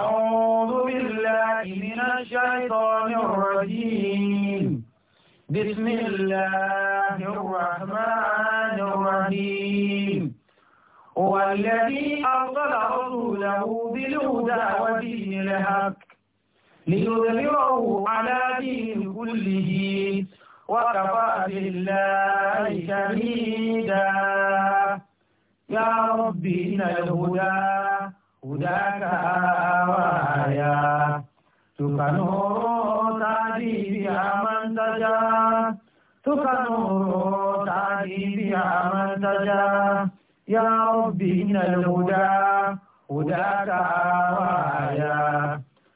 أعوذ بالله من الشيطان الرجيم بسم الله الرحمن الرحيم هو الذي أرسل رسوله بالهدى ودين الحق ليظهره على دين كله وكفى بالله شهيدا يا رب إن الهدى هداك آوايا تكنور تعدي بها من تجاه تكنور تعدي بها من تجاه يا ربي إن الهدى هداك آوايا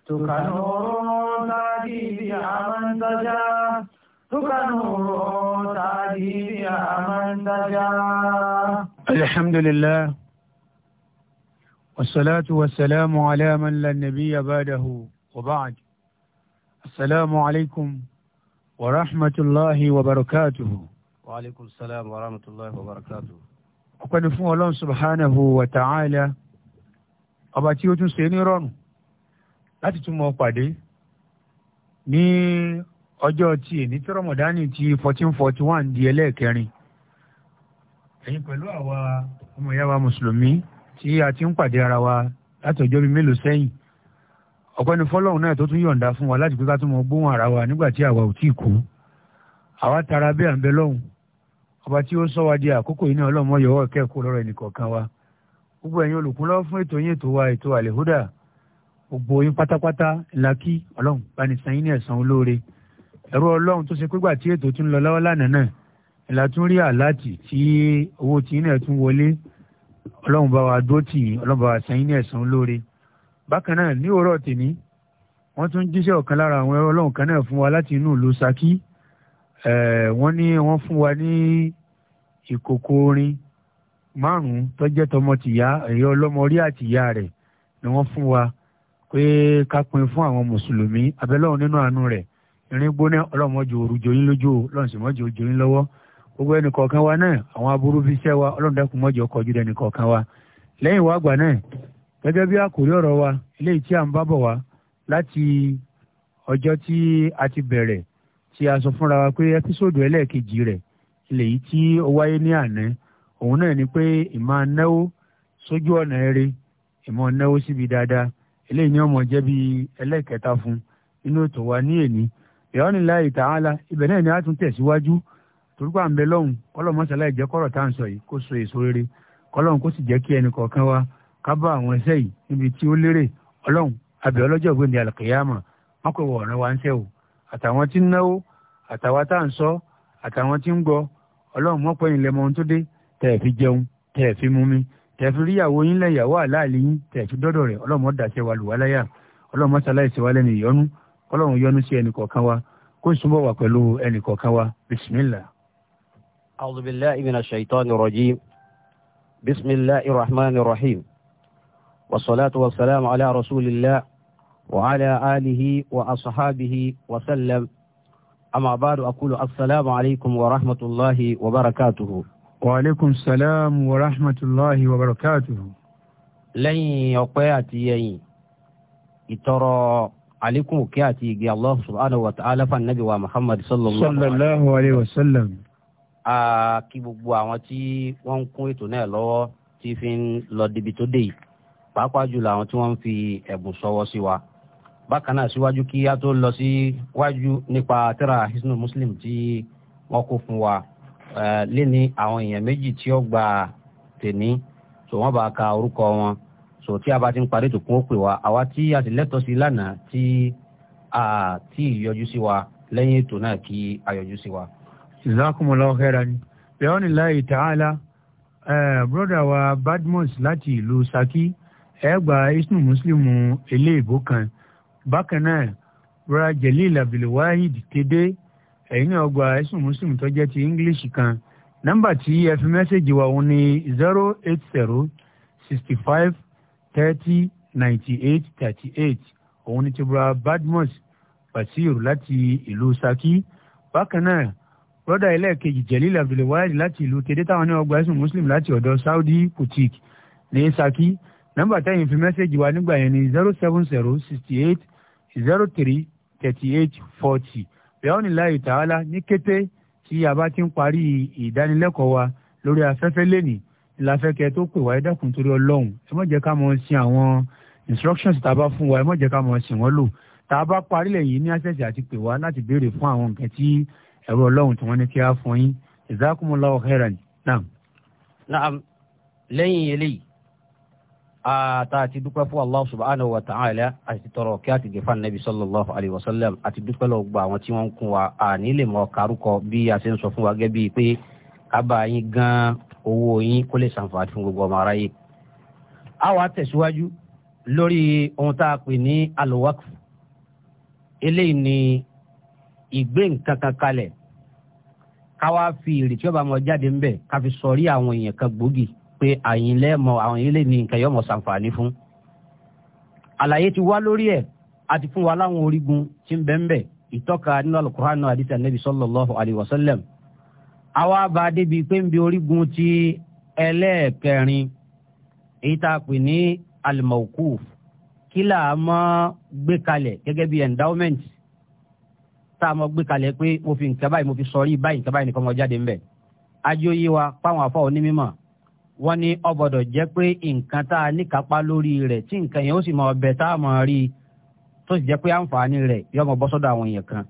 تكنور تعدي بها من تجاه تكنور تعدي بها من تجاه الحمد لله والصلاة والسلام على من لا نبي بعده وبعد السلام عليكم ورحمة الله وبركاته وعليكم السلام ورحمة الله وبركاته ọpẹ́ ni fún ọlọ́run subhanahu wa ta'ala ọba tí ó tún ṣe ní rọrùn láti tún mọ pàdé ní ọjọ́ tí èní tí rọmọdánì ti fourteen di ẹlẹ́ẹ̀kẹrin ẹ̀yin pẹ̀lú àwa ọmọ ìyá mùsùlùmí tí a ti ń pàdé ara wa láti ọjọ́ bíi mélòó sẹ́yìn ọpẹ́ ni fọlọ́run náà tó tún yọ̀ǹda fún wa láti pé ká tún mọ gbóhùn ara wa nígbà tí àwa ò tíì kú àwa tara bí à ń ọba tí ó sọ di àkókò yìí ọlọ́mọ kẹ́kọ̀ọ́ lọ́rọ̀ wa gbogbo ẹ̀yin fún ètò yín wa ètò gbogbo yín pátápátá ní olóore tó ṣe tí ètò tún lọ lọ́wọ́ lánàá náà tún rí àláàtì tí owó tí yín náà tún ọlọ́run bá wa dúró tì yín ọlọ́run bá wa sẹ́yìn ní ẹ̀sán lóore bákan náà ní òwúrọ̀ tèmi wọ́n tún jíṣẹ́ ọ̀kan lára àwọn ẹ̀rọ ọlọ́run kan náà fún wa láti inú ìlú Ṣakí wọ́n ní wọ́n fún wa ní ìkòkò orin márùn-ún tó tọmọ tìyá ẹ̀yọ ọlọ́mọ orí àtìyá rẹ̀ ni wọ́n fún wa pé ká pín fún àwọn mùsùlùmí abẹ́lọ́run nínú àánú rẹ̀ irin gbóná ọlọ́mọdé òru joyín lójú ọlọ́run sì mọ́jọ́ joyín lọ́wọ́ gbogbo ẹnì kọ̀ọ̀kan wa náà àwọn aburú fi ṣẹ́ wa ọlọ́run dákun mọ́jọ kọjú ẹnì kọ̀ọ̀kan wa lẹ́yìn wá gbà náà gẹ́gẹ́ bí àkórí ọ̀rọ̀ wa eléyìí tí à ń bá bọ̀ láti ọjọ́ tí a ti bẹ̀rẹ̀ tí a sọ fúnra wa pé ẹ́písòdù ẹlẹ́ẹ̀kejì rẹ̀ eléyìí tí ó wáyé ní àná òun náà ni pé ìmọ̀ náwó sójú ọ̀nà eré ìmọ̀ náwó síbi dáadáa eléyìí ni ọmọ jẹ́ bí ẹlẹ́ẹ̀kẹta fún inú ètò wa ní èní ìyọ́nìlá ìtàhálà ibẹ̀ náà ni a tún tẹ̀síwájú torúkọ àǹbẹ lọ́hùn kọlọ́mọṣálá ìjẹ́ kọ́rọ̀ tá à ń sọ yìí kó so èso rere kọlọ́hùn kó sì jẹ́ kí ẹnì kọ̀ọ̀kan wa ká bá àwọn iṣẹ́ yìí níbi tí ó lérè ọlọ́hùn abẹ́ ọlọ́jọ́ ògbóni alàkèyàmà wọn kò wọ wa ń tẹ̀ o àtàwọn tí ń náwó àtàwọn tá à ń sọ àtàwọn tí ń gbọ́ ọlọ́hùn mọ́pọ̀ yìí tó dé tẹ̀ wa lùwáláyà ọlọ́hùn mọ́ṣálá ìṣèwálẹ́ ni ìyọnu ọlọ́hùn yọ́nú sí ẹnì kọ̀ọ̀kan wa kó ìsúnbọ̀ wà pẹ̀lú ẹnì kọ̀ọ̀kan wa bisimilá. أعوذ بالله من الشيطان الرجيم بسم الله الرحمن الرحيم والصلاة والسلام على رسول الله وعلى آله وأصحابه وسلم أما بعد أقول السلام عليكم ورحمة الله وبركاته وعليكم السلام ورحمة الله وبركاته لن يقياتي يين عليكم كياتي الله سبحانه وتعالى فالنبي ومحمد صلى الله, fún ànábì wa Muhammad sallallahu alaihi kí gbogbo àwọn tí wọ́n ń kún ètò náà lọ́wọ́ tí fi ń lọ débi tó dé yìí pàápàá jùlọ àwọn tí wọ́n ń fi ẹ̀bùn sọwọ́ sí wa bákan náà síwájú kí a tó lọ sí wájú nípa tẹ́ra hisnu muslim tí wọ́n kó fún wa léni àwọn èèyàn méjì tí ó gba tèní tó wọ́n bá ka orúkọ wọn so tí a bá ti ń parí tòkun ó pè wá àwa tí a ti lẹ́tọ̀ọ́ sí lánàá tí a ti yọjú sí wa lẹ́yìn ètò náà kí a yọjú sí wa jazakumullahu khairan ni bẹ́ẹ̀ ni láì tààlà wa badmus láti ìlú saki ẹ gba isnu muslim eléèbó kan bákan náà broda jelil abdulwahid tede ẹ̀yin náà isnu muslim tó jẹ́ ti english kan nọ́mbà tí ẹ fi wa òun ni zero eight zero sixty òun ni ti broda badmus basir láti ìlú saki bákan náà broda ẹlẹ́ẹ̀kejì jẹ̀líl abdulwahid láti ìlú tèdè táwọn ní ọgbà ẹ̀sùn muslim láti ọ̀dọ̀ saudi boutique ní saki nọ́mbà tẹ́yìn fi mẹ́sẹ̀gì wa nígbà yẹn ni zero seven zero sixty eight zero three thirty eight forty bẹ́ẹ̀ ni láì tààlà ní kété tí a bá ti ń parí ìdánilẹ́kọ̀ọ́ wa lórí afẹ́fẹ́ lẹ́nì ìlàfẹ́kẹ́ tó pè wá ẹ dákun torí ọlọ́run ẹ má jẹ́ ká mọ̀ sin àwọn instructions tá a bá fún wa ẹ má jẹ́ ká mọ̀ sin wọ́n lò tá a bá parí lẹ́yìn ní access àti pè wá láti béèrè fún àwọn nǹkan tí ẹ̀rọ ọlọ́run tí wọ́n ní kí á fún yín jazakumullahu khairan naam. naam lẹ́yìn eléyìí ata àti dúpẹ́ fún allah subhanahu wa ta'ala àti tọrọ kí a ti gẹ̀fà nàbí sallallahu alayhi wa sallam àti dúpẹ́ lọ gba àwọn tí wọ́n ń kún wa àní lè mọ kárúkọ bí a ṣe ń sọ fún wa gẹ́gẹ́ bíi pé kábà yín gan owó yín kó lè ṣàǹfààní fún gbogbo ọmọ aráyé. a wá tẹ̀síwájú lórí ohun tá a pè ní alowakf eléyìí ni ìgbé nǹkan kan kalẹ̀ ká wá fi èrè tí ó bá mọ jáde ń bẹ̀ ká fi sọrí àwọn èèyàn kan gbòógì pé àyìn lẹ́mọ àwọn èèyàn lè ní nǹkan yọmọ sàǹfààní fún. àlàyé ti wá lórí ẹ̀ àti fún wa láwọn orígun tí ń bẹ ń ìtọ́ka nínú alukur'an àdìsí anabi sallallahu alayhi wa sallam. àwa bá a débi pé ń bi orígun ti ẹlẹ́ẹ̀kẹrin èyí tá a pè ní alimawkuf kí là mọ́ gbé kalẹ̀ gẹ́gẹ́ bí endowment tá a mọ gbé kalẹ̀ pé mo fi nǹkan báyìí mo fi sọrí báyìí nǹkan báyìí nìkan mọ jáde ńbẹ̀ ajóyé wa páwọn afọ onímọ̀ wọ́n ní ọbọ̀dọ̀ jẹ́ pé nǹkan tá a níkapá lórí rẹ̀ tí nǹkan yẹn ó sì máa bẹ tá a máa rí i tó sì jẹ́ pé àǹfààní rẹ̀ yóò máa bọ́ sọ́dọ̀ àwọn èèyàn kan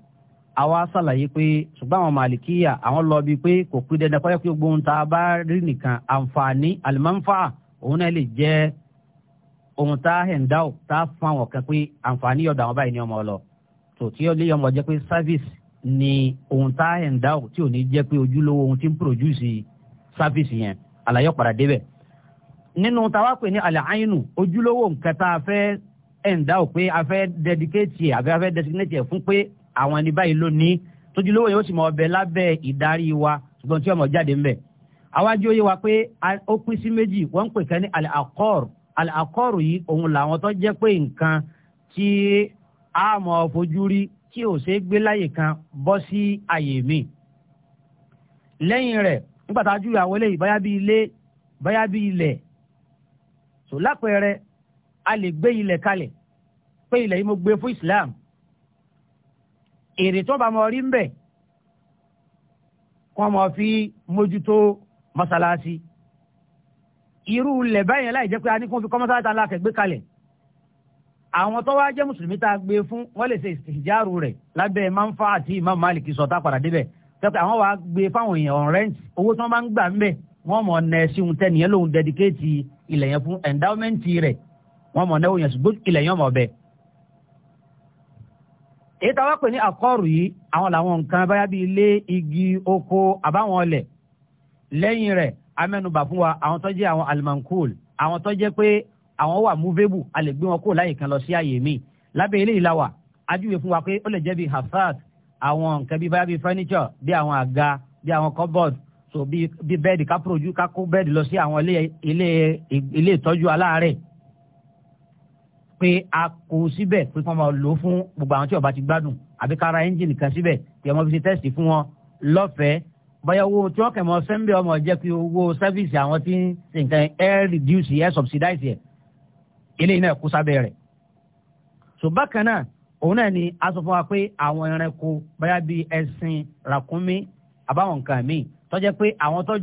àwa ṣàlàyé pé ṣùgbọ́n àwọn màlìkíyà àwọn lọ bíi pé kò pín dandan kọ́yọ́ pé gbogbo ohun bá rí nìkan àǹfààní àlùmọ́ǹfà òun náà lè jẹ́ ohun tá a hẹ̀ ń dá ò tá a fún àwọn kan pé àǹfààní ọ̀dọ̀ àwọn báyìí ni ọmọ ọlọ́ọ̀ so kí ọ léyìn ọmọ jẹ́ pé service ni ohun tá ẹ̀ ń dá ò tí ò ní jẹ́ pé ojúlówó ohun tí ń produce service yẹn àlàyé padà débẹ̀ nínú táwa pè ní àlàáyínú ojúlówó nǹkan tá a fẹ́ ẹ̀ ń dá ò pé a fẹ́ dedicate ẹ̀ àbí a fẹ́ designate ẹ̀ fún pé àwọn ẹni báyìí ló ní tójúlówó yóò sì mọ ọbẹ̀ lábẹ́ ìdarí wa ṣùgbọ́n tí ọmọ jáde ńbẹ̀ àwájú ó yé wa pé ó pín sí méjì wọ́n ń pè kẹ́ ní àlàkọ́ọ̀rù àlàkọ́ọ̀rù yìí òun làwọn tó jẹ́ pé nǹkan tí a mọ̀ fojú rí tí ò ṣe gbé láyè kan bọ́ sí àyè mi lẹ́yìn rẹ̀ nígbà tá àwọn eléyìí báyá bí ilé báyá bí ilẹ̀ tó lápẹẹrẹ a lè gbé ilẹ̀ kalẹ̀ pé ilẹ̀ yìí mo gbé fún Islam èrè tó bá mọ rí ń bẹ̀ kó mọ fi mójútó mọ́sálásí irú ilẹ̀ báyẹn láì jẹ́ pé a ní kó fi kọ́ mọ́sálásí alákẹ́gbé kalẹ̀ àwọn tó wá jẹ́ mùsùlùmí tá a gbé fún wọ́n lè ṣe ìsìjáàrú rẹ̀ lábẹ́ manfa àti imam malik sọ̀tà padà débẹ̀ tẹ́pẹ́ àwọn wa gbé fáwọn èèyàn on rent owó tí wọ́n bá ń gbà ń bẹ̀ wọ́n mọ̀ ọ̀nà ẹ̀sìn tẹ́ nìyẹn lòun dedicate ilẹ̀ yẹn fún endowment rẹ̀ wọ́n mọ̀ ọ̀nà òun yẹn ṣùgbọ́n ilẹ̀ yẹn mọ̀ ọ̀bẹ. èyí táwa pè ní àkọ́ọ̀rù yìí àwọn làwọn nǹkan báyà bíi ilé igi oko àbáwọn ọlẹ̀ lẹ́yìn rẹ̀ amẹ́nubà fún wa àwọn tó jẹ́ àwọn almankul àwọn tó jẹ́ pé àwọn wà movable a lè gbé wọn kó láyè kan lọ sí àyè míì lábẹ́ eléyìí la wà ajúwe fún wa pé ó lè jẹ́ bíi hasard àwọn nǹkan bíi báyà bíi furniture bíi àwọn àga bíi àwọn cupboard so bíi bíi bẹ́ẹ̀dì ká projú ká kó bẹ́ẹ̀dì lọ sí àwọn ilé ilé ilé ìtọ́jú aláàárẹ̀ pé a kó síbẹ̀ pé kàn máa lò ó fún gbogbo àwọn tí ó bá ti gbádùn àbí ká ra ẹ́ńjìnì kan síbẹ̀ kí ọmọ fi ṣe tẹ́sì fún wọn lọ́fẹ̀ẹ́ bóyá owó tí wọ́n kẹ̀ mọ́ sẹ́ńbẹ́ ọmọ jẹ́ pé owó sẹ́fíìsì àwọn tí ń ṣe nǹkan ẹ́ reduce ẹ́ subsidize ẹ̀ eléyìí náà kú sábẹ́ rẹ̀ so bákan náà òun náà ni a sọ fún wa pé àwọn ẹranko bóyá bíi ẹṣin ràkúnmí àbáwọn nǹkan míì tó jẹ́ pé àwọn tó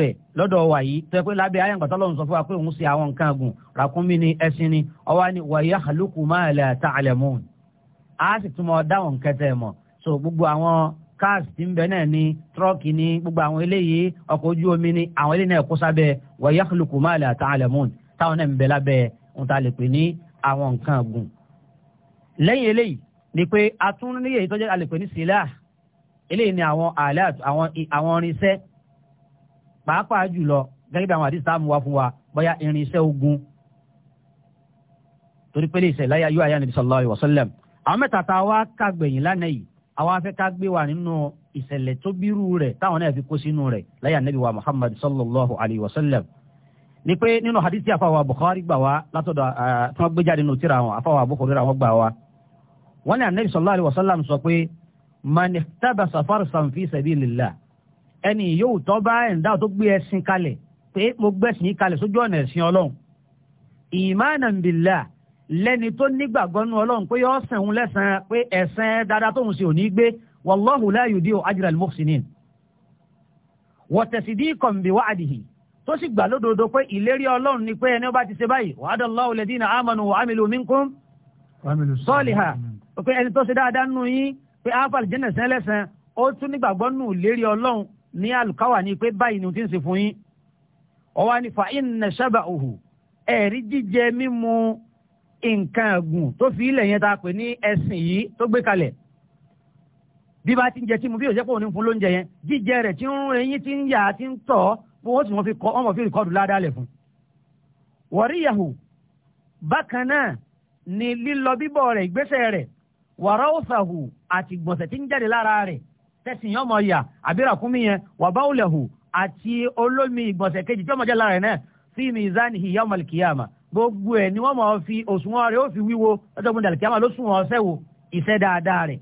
rẹ̀ lọ́dọ̀ wa yìí tó pé lábẹ́ ayéǹgbàtà lọ́run sọ fún wa pé òun ṣe àwọn nǹkan gùn ràkúnmí ni ẹṣin ni ọwọ́ ni wa yakhluqu ma la ta'lamun a sì tún mọ dáwọn nǹkan tẹ̀ so gbogbo àwọn cars tí ń bẹ náà ni tírọ́ọ̀kì ni gbogbo àwọn eléyìí ọkọ̀ ojú omi ni àwọn eléyìí náà kó sábẹ́ wa yakhluqu ma la táwọn náà ń bẹ lábẹ́ ń ta lè pè ní àwọn nǹkan ọ̀gùn lẹ́yìn eléyìí ni pé a tún ní èyí tó jẹ́ a lè pè ní sílá eléyìí ni àwọn àlẹ́ àwọn àwọn irinṣẹ́ pàápàá jùlọ gẹ́gẹ́ bí àwọn àdìsí táàmù wá fún wa bóyá irinṣẹ́ ogun torí pé lè ṣẹlẹ̀ ayé ayé nàbí sallallahu alaihi wasallam àwọn mẹ́ta tá a wá kàgbẹ̀yìn lánàá yìí àwọn afẹ́ ká gbé wa nínú ìṣẹ̀lẹ̀ tó bírú rẹ̀ táwọn náà fi kó sínú rẹ̀ láyà nàbí wa Muhammad sallallahu alaihi wasallam ni pé nínú hadisi àfàwà Bukhari gbà wá látọ̀dọ̀ tí wọ́n gbé jáde nù tíra wọn àfàwà Bukhari ra wọn gbà wá wọ́n ní anabi sallallahu alaihi wasallam sọ pé mani tabasa farsan fi sabilillah ẹni yóò tọ́ bá ẹ̀ǹdà tó gbé ẹṣin kalẹ̀ pé mo gbẹ̀sìn kalẹ̀ sójú ọ̀nà ẹ̀sìn ọlọ́run imanan billah lẹ́ni tó nígbàgbọ́ nú ọlọ́run pé yọ sẹ̀hún lẹ́sàn-án pé ẹ̀sẹ̀ dáadáa tóun sì ò ní gbé wallahu la yudiu ajra al-muhsinin wa tasdiqan bi wa'dihi tó sì gbà lódodo pé ìlérí ọlọ́run ni pé ẹni ó bá ti ṣe báyìí wa'ada Allahu alladhina amanu wa amilu minkum saliha pé ẹni tó ṣe dáadáa nù yín pé áfàl jẹ́nà sẹ́lẹ̀sẹ̀ ó tún nígbàgbọ́ nù lérí ọlọ́run ní àlùkáwà ni pé báyìí ni ó ti ń ṣe fún yín ọwọ́ ni fa inna shaba'uhu ẹ̀rí jíjẹ mímu nǹkan ẹ̀gùn tó fi ilẹ̀ yẹn ta pè ní ẹ̀sìn yìí tó gbé kalẹ̀ bí bá ti ń jẹ tí mo bí òṣèpọ̀ òní fún lóúnjẹ yẹn jíjẹ rẹ̀ tí ń rún eyín tí ń yà á ti ń tọ̀ wọ́n sì wọ́n fi kọ́ ọmọ fi rìkọ́dù ládàálẹ̀ fún. wọ̀ríyàhù bákan náà ni lílọ bíbọ̀ rẹ̀ ìgbésẹ̀ rẹ̀ wàrà òsàhù àti gbọ̀nsẹ̀ tí ń jáde lára rẹ̀ tẹ̀sìn yọmọ yà àbíràkúnmí yẹn wàbáwùlẹ̀hù àti olómi ìgbọ̀nsẹ̀ kejì tí ọmọ jẹ́ lára rẹ̀ náà sí mizanihi yawmal kiyama gbogbo ẹ̀ ni wọ́n máa fi òṣùwọ̀n rẹ̀ ó fi wíwo lọ́jọ́ gbọ́dọ̀ ló sùn wọn sẹ́wò iṣẹ́ dáadáa rẹ̀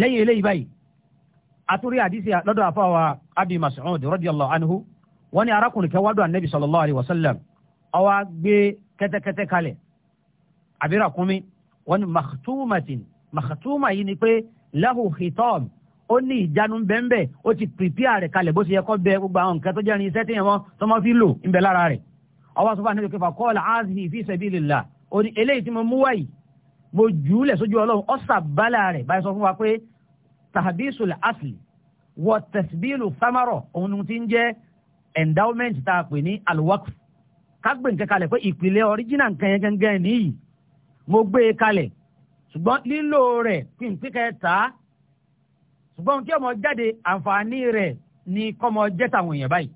lẹ́yìn eléyìí báyìí àtúrí àdísì lọ́dọ̀ àfọwà abi Mas'ud radiyallahu anhu wọ́n ní arákùnrin kẹwàá dùn ànábì sallallahu alayhi wa sallam ọwọ́ gbé kẹ́tẹ́kẹ́tẹ́ kalẹ̀ àbírà kúnmi wọ́n ní maktumatin makhtuma yìí ni pé lahu khitam ó ní ìjánu bẹ́ńbẹ́ ó ti pìpíà rẹ̀ kalẹ̀ bó ṣe yẹ kọ́ bẹ gbogbo àwọn nǹkan tó jẹ́ irin iṣẹ́ tí yẹn wọ́n tó máa fi lò ń bẹ lára rẹ̀ ọwọ́ sọ fún kẹfà kọ́ọ̀lù áàzì fi sabilillah ó ní eléyìí tí mo mú wáyìí mo jù ú lẹ̀ sójú ọlọ́run ọ̀sà bálà rẹ̀ báyìí sọ fún wa pé tàbísù asli wọ tẹsibílù samarọ òun ti ń jẹ endowment tá a pè ní alwakf kágbé nǹkan kalẹ̀ pé ìpìlẹ̀ ọ̀ríjìnà nǹkan yẹn gẹ́gẹ́ nìyí mo gbé e kalẹ̀ ṣùgbọ́n lílo rẹ̀ kí n pínkẹ́ ta ṣùgbọ́n kí ọmọ jáde àǹfààní rẹ̀ ni kọ́mọ jẹ́ tàwọn èèyàn báyìí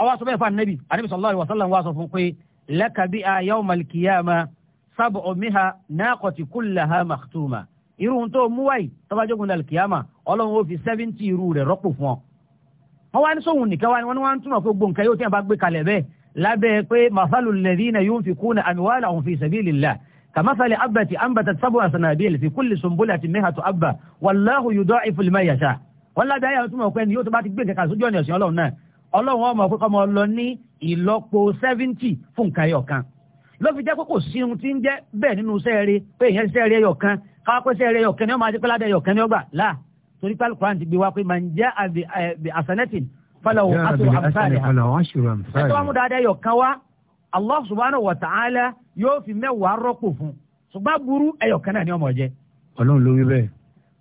ọwọ́ sọ bẹ́ẹ̀ fún anabi anabi sallallahu alaihi wasallam wa sọ fún pé laka biha yawmal qiyamah sab'u minha naqati kullaha makhtuma irú tó mú wáyì tọ́bájógun dàlùkìyàmà ọlọ́run ó fi sẹ́fíntì irú rẹ̀ rọ́pò fún ọ. wọ́n wá ní sóhun nìkan wá ní wọ́n wá ń túnmọ̀ pé gbòǹkà yóò tí a bá gbé kalẹ̀ bẹ́ẹ̀ lábẹ́ pé màfàlù lẹ́dínà yunfikuna amwalahum fi sabilillah kàmáfàlì abàtì àǹbàtà sábò àsànàbíyèlì fi kulli sumbulati mihatu abba wallahu yudaifu liman yasha wọ́n ládàá yà túnmọ̀ pé ni yóò tó bá ti gbé nǹkan sójú ọ̀nà ọ̀sìn ọlọ́run náà ọlọ́run ọmọ pé kọ́mọ lọ ní ìlọ́po sẹ́fíntì fún nǹkan yọ̀kan ló fi jẹ́ pé kò sí ohun tí ń jẹ́ bẹ́ẹ̀ nínú sẹ́ẹ̀rẹ́ pé ìyẹn sẹ́ẹ̀rẹ́ ẹyọkan káwá pé sẹ́ẹ̀rẹ́ ẹyọkan ni wọ́n máa ti pẹ́ ládẹ́ ẹyọkan ni ó gbà là torí pé alukuran ti gbé wa pé màá ń jẹ́ àbí asanatin falawo ato amsaale ha allah subhanahu wa ta'ala yóò fi mẹ́wàá rọ́pò fún ṣùgbọ́n burú ẹyọkan náà ni ọmọ jẹ. ọlọ́run ló wí bẹ́ẹ̀.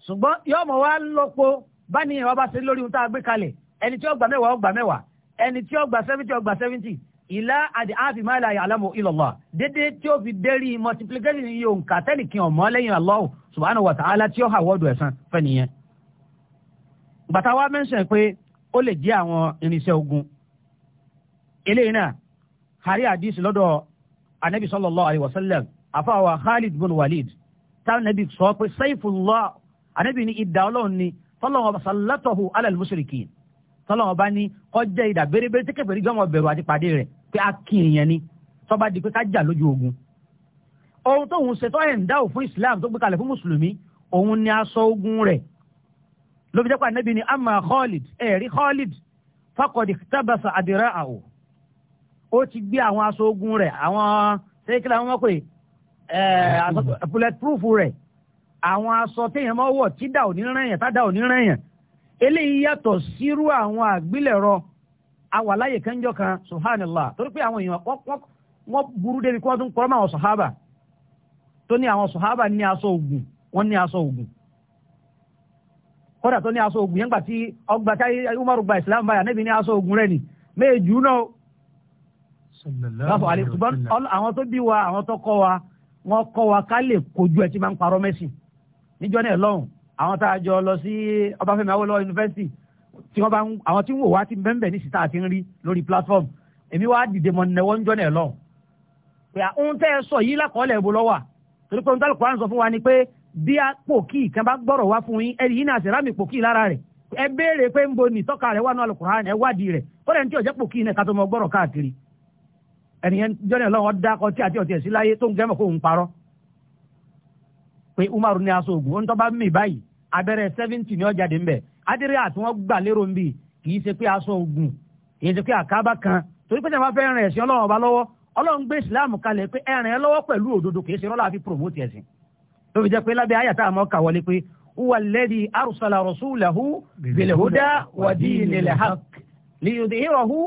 ṣùgbọ́n yóò mọ̀ wá lọ́pọ̀ bá ní ìwà bá ṣe lórí ohun tá a gbé kalẹ̀ ẹni tí ó gbà mẹ́wàá ó gbà mẹ́wàá ẹni tí ó gbà seventy ó gbà seventy ìlà àdì àfìmáìlà ya'lamu illallah dédé tí ó fi dérí multiplication yìí òun kàtẹ́lì kí ọmọ lẹ́yìn Allah subhanahu wa ta'ala tí ó hà wọ́ọ̀dù ẹ̀sán fẹ́niyẹn. bàtà wa mẹ́sàn pé ó lè jẹ́ àwọn irinṣẹ́ ogun eléyìí náà harí àdìsí lọ́dọ̀ anabi sallallahu alayhi wa sallam afáwa khalid bin walid táwọn nabi sọ pé sayfullah anabi ní idà ọlọ́run ni tọ́lọ́wọ́ sallatahu alal mushrikin tọ́lọ́wọ́ pé a kí èèyàn ni tó bá di pé ká jà lójú ogun ohun tóun ṣe tó ẹ̀ ń dá òfin islam tó gbé kalẹ̀ fún mùsùlùmí òun ni aṣọ ogun rẹ̀ ló fi jẹ́pà níbi ni amma khalid ẹ̀rí khalid fakọ̀dì tábàṣà àdìrà àwò ó ti gbé àwọn aṣọ ogun rẹ̀ àwọn sẹ́kìlà wọn pè ẹ̀ bullet proof rẹ̀ àwọn aṣọ téèyàn máa wọ̀ tí dà ò ní rẹ̀yàn tá dà ò ní rẹ̀yàn eléyìí yàtọ̀ sírú àwọn àgbélẹ̀rọ àwa láyè kánjọ kan subhanallah torí pé àwọn èèyàn wọ́n burú débi kí wọ́n tún kọ́rọ́ mọ́ àwọn sọ̀hábà tó ní àwọn sọ̀hábà ní aṣọ ògùn wọ́n ní aṣọ ògùn kódà tó ní aṣọ ògùn yẹn gbà tí ọgbà tí Umaru gba ìsìlámù báyà níbi ní aṣọ ògùn rẹ ni méjì náà láfọ àlè ṣùgbọ́n àwọn tó bí wa àwọn tó kọ́ wa wọ́n kọ́ wa ká lè kojú ẹ̀ tí máa ń parọ́ mẹ́sìn níjọ́ náà lọ́hùn àwọn tá a jọ lọ sí Ọbáfẹ́mi Awólọ́wọ̀ yunifásitì tí wọ́n bá ń àwọn tí ń wò wá ti bẹ́ẹ̀ ní sísá àti ń rí lórí platform èmi wá dìde mọ̀ nẹ̀wọ́ ń jọ́ nẹ̀ lọ. pé àwọn tẹ́ ẹ sọ yìí lákọọ́lẹ̀ ìbò lọ́wà torí pé nítorí kwan sọ fún wa ni pé bí a pò kí ìkan bá gbọ́rọ̀ wá fún yín ẹ̀rí yìí náà sì rámì pò kí lára rẹ̀ ẹ béèrè pé ń bo ní tọ́ka rẹ̀ wà ní Al-Qur'an ẹ wádìí rẹ̀ ó rẹ̀ ní tí ọ̀jẹ́ pò kí iná ká tó mọ gbọ́rọ̀ káàkiri ẹnìyẹn jọ́nà lọ́wọ́ dákọ tí àti ọ̀tí ẹ̀ sí láyé tó ń gẹ́mọ̀ kó ń parọ́ pé Umaru ní aṣọ ògùn ó ń tọ́ bá mì báyìí abẹ́rẹ́ 70 ní ọjà dé ń bẹ̀ adéré àti wọn gbà lérò ń bì kì í ṣe pé aṣọ ogun kì í ṣe pé àkábà kan torí pé sẹ́wọ́n fẹ́ rìn ẹ̀sìn ọlọ́run ọba lọ́wọ́ ọlọ́run gbé ìsìláàmù kalẹ̀ pé ẹ̀rìn ẹ lọ́wọ́ pẹ̀lú òdodo kì í ṣe rọ́lá àfi promote ẹ̀sìn tó fi jẹ́ pé lábẹ́ àyàtà àmọ́ kà wọlé pé huwa alladhi arsala rasulahu bil huda wa dinil haqq liyudhhirahu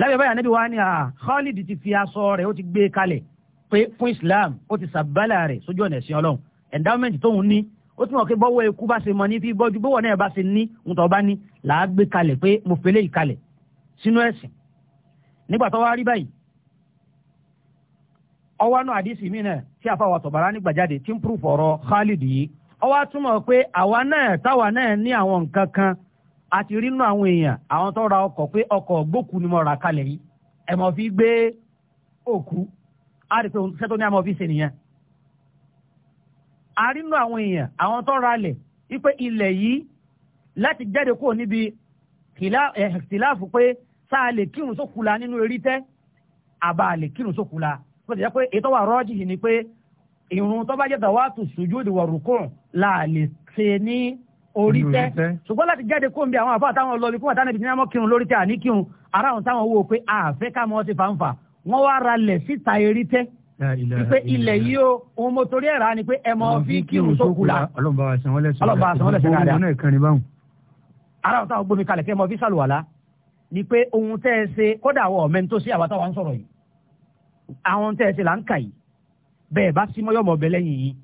lábẹ́ báyà níbi wá ní à Khalid ti fi aṣọ rẹ̀ ó ti gbé kalẹ̀ pé fún Islam ó ti sàbálà rẹ̀ sójú ọ̀nà ẹ̀sìn ọlọ́run endowment tóun ní ó túmọ̀ pé bọ́wọ́ ikú bá ṣe mọ ní fi bọ́jú bọ́wọ́ náà bá ṣe ní ntọ́ bá ní làá gbé kalẹ̀ pé mo fẹ́lẹ́ ìkalẹ̀ sínú ẹ̀sìn nígbà tó wá rí báyìí ọwọ́ náà àdìsí mi náà tí àfàwọ̀ tọ̀bàrà nígbà jáde tí ń prúfù ọ̀rọ̀ Khalid yìí ọwọ́ túmọ̀ pé àwa náà táwa náà ní àwọn nǹkan kan àti rínú àwọn èèyàn àwọn tó ra ọkọ̀ pé ọkọ̀ gbókù ni mo rà kalẹ̀ yìí ẹ̀mọ̀ fi gbé òkú á rí pé òun sẹ́tọ́ ní àmọ́ fi ṣe nìyẹn àrínú àwọn èèyàn àwọn tó ra lẹ̀ wípé ilẹ̀ yìí láti jáde kúrò níbi ìtìláàfù pé sáà lè kírun sókùlà nínú erí tẹ́ àbá lè kírun sókùlà tó ti jẹ́ pé ètò wà rọ́ọ̀jì yìí ni pé ìrun tó bá jẹ́ dàwátù sùjúdì wà rùkùn là lè ṣe ní orí tẹ́ ṣùgbọ́n láti jáde kúrò níbi àwọn àfọ àtàwọn ọlọ́ọ̀lì fún àtàwọn ìbí ní àmọ́ kírun lórí tẹ́ àní kírun aráhùn táwọn owó pé àfẹ́ ká mọ́ ti fàǹfà wọ́n wá ra lẹ̀ síta erí tẹ́ pípé ilẹ̀ yìí o òun mo torí ẹ̀rá ni pé ẹ mọ fi kírun tó kù la ọlọ́ba àsanwó lẹ́sẹ̀ dáadáa ọmọ náà kàn ní báwọn. ara ọ̀tá ọgbọ́n mi kalẹ̀ kẹ́ mọ fi sàlùwàlá ni pé ohun tẹ́ ẹ ṣe kódà wọ ọ̀mẹ́ni tó sí àwa táwa ń sọ̀rọ̀ yìí àwọn tẹ́ ẹ ṣe là ń kà yìí bẹ́ẹ̀ bá símọ́ yọ̀mọ̀ bẹ́ lẹ́yìn yìí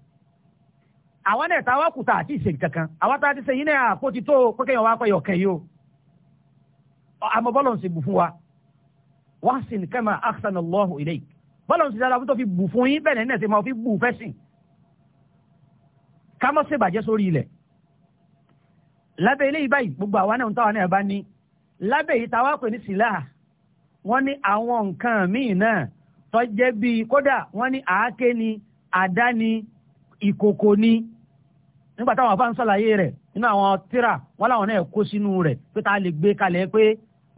àwọn náà táwa kùtà àti ìṣègùn kankan àwọn táwa ti ṣe yín náà kó ti tó pẹ́kẹ́yọ̀ o àmọ́ bọ́lọ̀ ń ṣe bù fún wa wá sí nìkan bọ́lọ̀ ti dára tó fi bù fún yín bẹ́ẹ̀ náà ṣe máa fi bù fẹ́sìn ká mọ́ ṣèbàjẹ́ sórí ilẹ̀ lábẹ́ eléyìí báyìí gbogbo àwa náà ń táwa náà bá ní lábẹ́ yìí táwa pè ní sílá wọ́n ní àwọn nǹkan míì náà tó jẹ́ bíi kódà wọ́n ní àáké ni àdá ni ìkòkò ni nígbà táwọn afá ń sọ̀láyé rẹ̀ nínú àwọn tíra wọ́n láwọn náà kó sínú rẹ̀ pé tá a lè gbé kalẹ̀ pé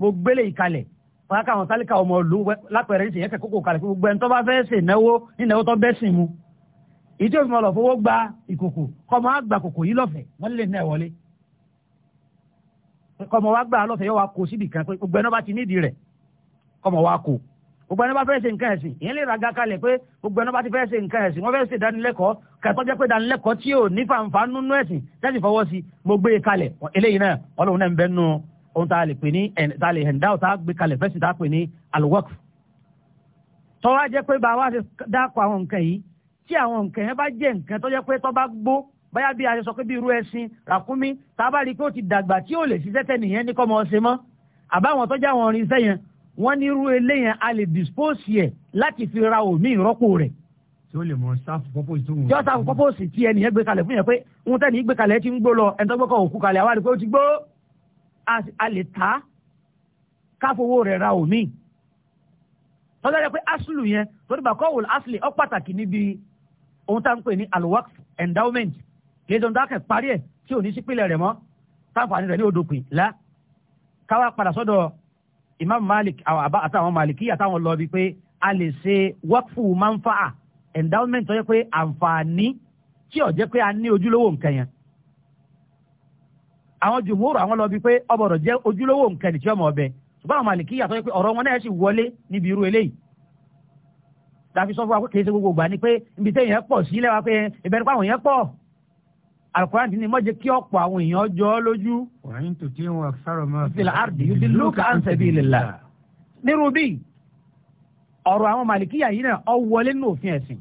mo gbélé ìkalẹ̀ wọn ká àwọn sálíkà ọmọ ìlú lápẹẹrẹ ní ìyẹn kẹkọọ kalẹ fún gbogbo ẹni tó bá fẹẹ ṣe ìnáwó ìnáwó tó bẹ sìn mu ìdí òfin ọlọ fowó gba ìkòkò kọmọ àgbà kòkò yìí lọfẹ wọn lè ná ẹ wọlé kọmọ wa gbà lọfẹ yóò wa kó síbi kan pé gbogbo ẹni bá ti nídìí rẹ kọmọ wa kó gbogbo ẹni bá fẹ́ ṣe nǹkan ẹ̀sìn ìyẹn lè ra ga kalẹ̀ pé gbogbo ẹni bá ti fẹ́ ṣe nǹkan ẹ̀sìn wọ́n fẹ́ ṣe ohun tá a lè pè ní tá a lè ẹ̀ǹdá ọ̀tá gbé kalẹ̀ fẹ́sìn tá a pè ní alwaqf tọ́wá jẹ́ pé bá wa ṣe dákọ̀ àwọn nǹkan yìí tí àwọn nǹkan yẹn bá jẹ́ nǹkan tó jẹ́ pé tó bá gbó báyà bí a ṣe sọ pé bí irú ẹṣin ràkúnmí tá a bá rí i pé ó ti dàgbà tí ò lè ṣiṣẹ́ tẹ̀nìyẹn ní kọ́mọ ọ̀sẹ̀ mọ́ àbáwọn tó àwọn orin iṣẹ́ yẹn wọ́n ní irú eléyẹn a lè dispose yẹ láti fi ra òmíì rọ́pò rẹ̀ tí ó lè mọ sáfù pọ́pọ́sì tó wù. tí ó sáfù pọ́pọ́sì tí ẹnìyẹn gbé kalẹ̀ fún yẹn pé ń tẹ́ni gbé kalẹ̀ ti ń gbó lọ ẹni òkú kalẹ̀ àwa pé ó ti gbó a lè ta káfowó rẹ̀ ra òmíì tọ́lá rẹ̀ pé aslu yẹn torí bá kọ́wò asli ó pàtàkì níbi ohun tá à pè ní alwaqf endowment kì í ṣe ohun tá a kẹ́ parí ẹ̀ tí ò ní sípìlẹ̀ rẹ̀ mọ́ táǹfààní rẹ̀ ní odòpin lá káwá padà sọ́dọ̀ imam malik àtàwọn maliki àtàwọn lọ́ọ́ bíi pé a lè ṣe waqfu manfa'a endowment tó yẹ pé àǹfààní tí ó jẹ́ pé a ní ojúlówó nǹkan yẹn àwọn jùmúrù àwọn lọ bí pé ọbọ̀rọ̀ jẹ́ ojúlówó nǹkan ìtí ọmọ ọbẹ̀ ṣùgbọ́n àwọn màlìkí yàtọ̀ pé ọ̀rọ̀ wọn náà sì wọlé níbi irú eléyìí tàbí sọ fún wa pé gbogbo ìgbà ni pé ibi tẹ́ yẹn pọ̀ sí lẹ́wà pé ìbẹ̀rù pa àwọn yẹn pọ̀ alukuraan ti ni mọ̀jẹ̀ kí ọ̀pọ̀ àwọn èèyàn jọ ọ́ lójú. wàhíń tó tí wọn sọ̀rọ̀ mọ́. ìfìlà àrùdì yìí ti lùkà ń sẹ̀bi ìlẹ̀la. nírú bí ọ̀rọ̀ àwọn màlìkíyà yìí náà ọ ní òfin ẹ̀sìn.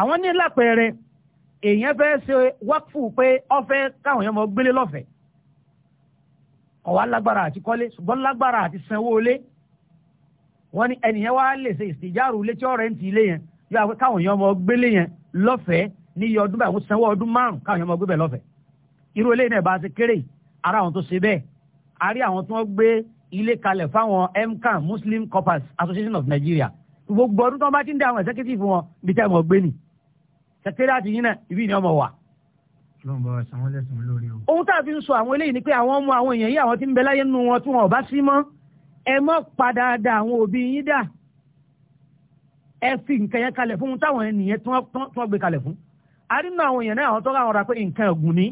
àwọn ní lápẹẹrẹ èèyàn fẹ́ ṣe wákùú pé ọ káwọn èèyàn mọ gbélé lọ́fẹ̀ẹ́ kò wá lágbára àti kọ́lé ṣùgbọ́n lágbára àti sanwó ilé wọ́n ní ẹnìyẹn wá lè ṣe ìsìjáàrú ilé tí ọ̀rẹ́ ń ti ilé yẹn yóò wá pé káwọn èèyàn ọmọ gbélé yẹn lọ́fẹ̀ẹ́ ní iye ọdún báyìí sanwó ọdún márùn káwọn èèyàn ọmọ gbé bẹ̀ lọ́fẹ̀ẹ́ irú ilé náà bá ti kéré ara àwọn tó ṣe bẹ́ẹ̀ a rí àwọn tó ń gbé ilé kalẹ̀ fáwọn MCAN Muslim Corpers Association of Nigeria gbogbo ọdún tó bá ti ń dá àwọn executive wọn bí tẹ́ ọmọ gbé ni secretariat yín náà ibi ni ọmọ wà ohun tá a fi ń sọ àwọn eléyìí ni pé àwọn ọmọ àwọn èèyàn yìí àwọn tí ń bẹ láyé nínú wọn tí wọn ò bá sí mọ́ ẹ mọ́ padà da àwọn òbí yín dà ẹ fi nǹkan yẹn kalẹ̀ fún táwọn ènìyàn tí wọ́n gbé kalẹ̀ fún arínú àwọn èèyàn náà àwọn tó káwọn ra pé nǹkan ẹ̀gùn ni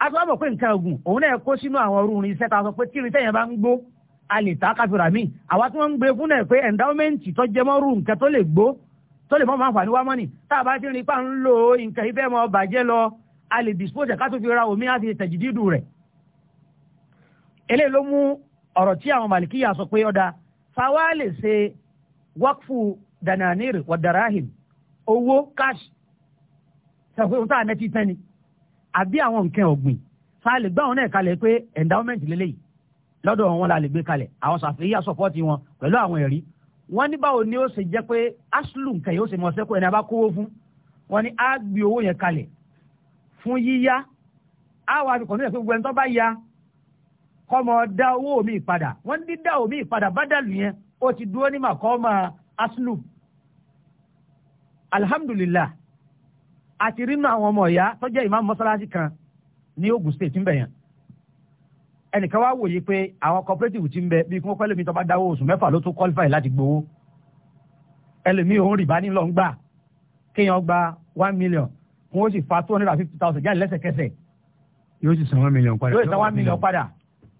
a tó wá mọ̀ pé nǹkan ẹ̀gùn òun náà kó sínú àwọn ọrùn orin iṣẹ́ ta sọ pé tírin tẹ̀yìn bá ń gbó a lè ta káfíra míì àwa tí wọ́n ń gbé fún náà pé endowment tó jẹmọ́rù nǹkan tó lè gbó tó lè mọ́ máa ń fàní wá tá a bá ti rìn pa ń lo nǹkan ibẹ̀ mọ́ bàjẹ́ lọ a lè dispose ẹ̀ ká tó fi ra omi láti tẹ̀jìdídù rẹ̀ eléyìí ló mú ọ̀rọ̀ tí àwọn màlìkíyà sọ pé ọ̀dà fáwa lè ṣe wákfù dananir wà owó cash sọ̀pẹ́ ohun tá a nẹ́tí tẹ́ni àbí àwọn nǹkan ọ̀gbìn tá a lè gbá wọn náà kalẹ̀ pé endowment lélẹ́yìí lọ́dọ̀ wọn la lè gbé kalẹ̀ àwọn sàfihàn sọ́pọ́ọ̀tì wọn pẹ̀lú àwọn ẹ̀rí wọ́n ní báwo ni ó ṣe jẹ́ pé aṣlù nǹkan yóò ṣe mọ̀ sẹ́kọ̀ọ́ ẹni a kówó fún wọ́n ní á gbé owó yẹn kalẹ̀ fún yíyá á wà ní kọ̀ọ̀tún yẹn pé gbogbo ẹni tó bá ya kọ́mọ dá owó mi padà wọ́n ní dá omi padà bá dàlù yẹn ó ti dúró ní màkọ́ọ́mà aṣlù alhamdulillah àti rínú àwọn ọmọ ìyá tó jẹ́ ìmáàmù mọ́sálásí kan ní Ògùn state ń bẹ̀yẹn ẹnìkan wá wòye pé àwọn cooperative ti ń bẹ bí kún pẹ́lú mi tó bá dáwọ́ oṣù mẹ́fà ló tún qualify láti gbowó ẹlòmíì òun rìbá nílọ ń gbà kéèyàn gba one million kún ó sì fa two hundred and fifty thousand jáde lẹ́sẹ̀kẹsẹ̀. yóò sì san one million padà. yóò san one million padà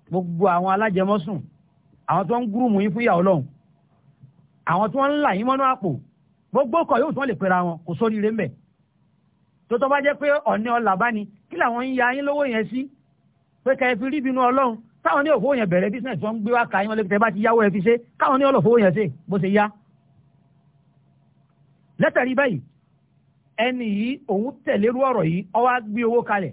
gbogbo àwọn alájẹmọ́sùn àwọn tó ń gúrùmù yín fún ìyàwó lọ́hùn àwọn tó ń là yín mọ́nú àpò gbogbo ọkọ̀ yóò tún lè pera wọn kò sóríire ń bẹ̀ tó tó bá jẹ́ pé ọ̀ní ọ̀là bá ni kí làwọn ń ya yín lówó yẹn sí pé kẹ́ẹ̀ fi rí bínú ọlọ́run táwọn ní òfò yẹn bẹ̀rẹ̀ business wọn ń gbé wá ka yín wọn lébi tẹ́ bá ti yáwó ẹ fi ṣe káwọn ní ọlọ́fò yẹn ṣe bó ṣe yá. lẹ́tẹ̀rí báyìí ẹni yìí òun tẹ̀lé irú ọ̀rọ̀ yìí ó wá gbé owó kalẹ̀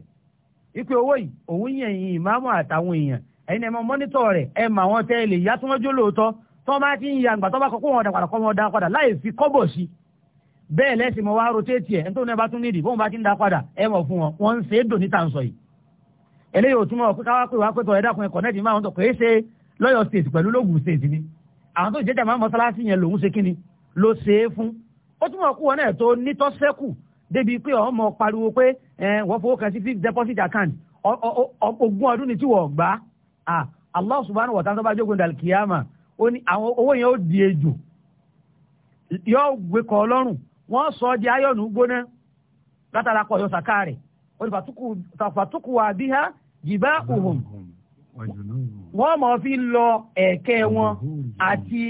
ipe owó yìí òun yẹn yìí ìmáàmù àtàwọn èèyàn ẹ̀yin ẹ̀ mọ mọ́nítọ̀ rẹ̀ ẹ̀ mà wọ́n tẹ́ ẹ lè yá tí wọ́n jó lóòótọ́ tó bá ti ń ya àgbà tó bá kọ́kọ́ wọn dàpadà kọ́ wọn dá padà láì fi ti ń eléyìí ò túmọ̀ pé káwá pé wàá pé tọ̀ ẹ̀dá kan ẹ̀kọ́ náà ti máa ń tọ̀ pé é ṣe lọ́yọ̀ state pẹ̀lú lóògùn state ni àwọn tó jẹ́ jàmá mọ́sálásí yẹn lòún ṣe kí ni ló ṣe é fún ó túmọ̀ kú wọn náà tó nítọ́ sẹ́kù débi pé ọmọ pariwo pé wọ́n fowó kan sí fixed deposit account ogún ọdún ni tí wọ́n gbà á Allah subhanahu wa ta'ala tó bá jókòó dàlkìyàmà ó ní àwọn owó yẹn ó di ejò yóò gbé kọ́ ọlọ́run wọ́n sọ ọ́ di ayọ̀nù gbóná látara pọ̀ yọ sàkáà rẹ̀ fàtúkùwà bí ha jìbá òhùn wọ́n mọ̀ fi lọ ẹ̀kẹ́ wọn àti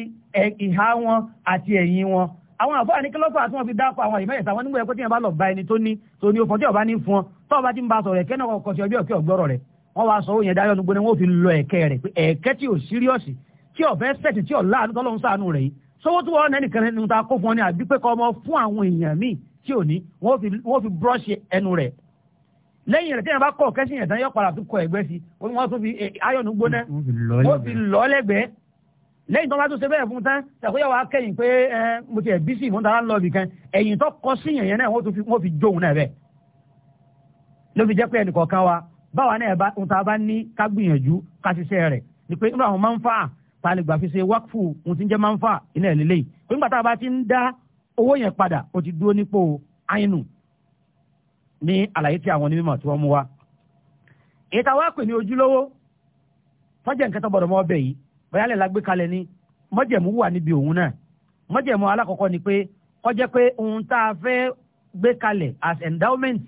ìhà wọn àti ẹ̀yìn wọn àwọn àbọ̀ àníkẹ́lọ́fà tí wọ́n fi dápọ̀ àwọn ìmẹ́yẹ̀sà wọn nígbà ẹ̀kọ́ tí yẹn bá lọ bá ẹni tó ní tó ní òfò tí ọba ní fún ọ tó ọba ti ń ba sọ̀rọ̀ ẹ̀kẹ́ náà kọ̀ sí ọjọ́ ọ̀kẹ́ ọ̀gbọ́rọ̀ rẹ̀ wọ́n wá sọ òyìn dáyọ̀ nígbóni wọ́n fi lọ ẹ̀kẹ́ rẹ̀ pé ẹ̀kẹ́ tí ò síríọ̀sì tí ọ̀fẹ́ sẹ̀tì tí ọ̀la àdúgbò lọ́hún sànù rẹ̀ yìí sówó tí wọ́n nẹ́ni kan nínú ta kó fún ọ ní àbí pé kọ́ ọmọ fún àwọn èèyàn míì tí ò ní wọ́n fi búrọ́ọ̀ṣì ẹnu rẹ̀ lẹ́yìn rẹ̀ tí yẹn bá kọ̀ kẹ́sì yẹn tán yọ padà tún kọ ẹ̀gbẹ́ sí i wọ́n tún fi ayọ̀nù e, gbóná wọ́n fi lọ́ lẹ́gbẹ̀ẹ́ lẹ́yìn tó bá tún ṣe bẹ́ẹ̀ fún tán ṣàkóyà wàá kẹ́yìn pé mo ti ẹ̀ bí sí ìmúntara ń lọ ibì kan ẹ̀yìn tó kọ sí yẹn náà wọ́n fi jóun náà bẹ́ẹ̀ ló fi jẹ́ pé ẹnìkọ̀ọ̀kan wa báwa náà ń ta bá ní ká gbìyànjú ká ṣiṣẹ́ rẹ̀ ni pé nínú àwọn máa ohun tá a bá ti ń dá owó ní àlàyé tí àwọn onímọ̀ tí wọ́n mú wa. ìta wá pè ní ojúlówó tọ́jẹ̀ nǹkan tó gbọ́dọ̀ mọ́ ọbẹ̀ yìí bóyá lè lágbé kalẹ̀ ni mọ́jẹ̀mú wà níbi òun náà mọ́jẹ̀mú alákọ̀ọ́kọ́ ni pé kọjẹ́ pé ohun tá a fẹ́ gbé kalẹ̀ as endowment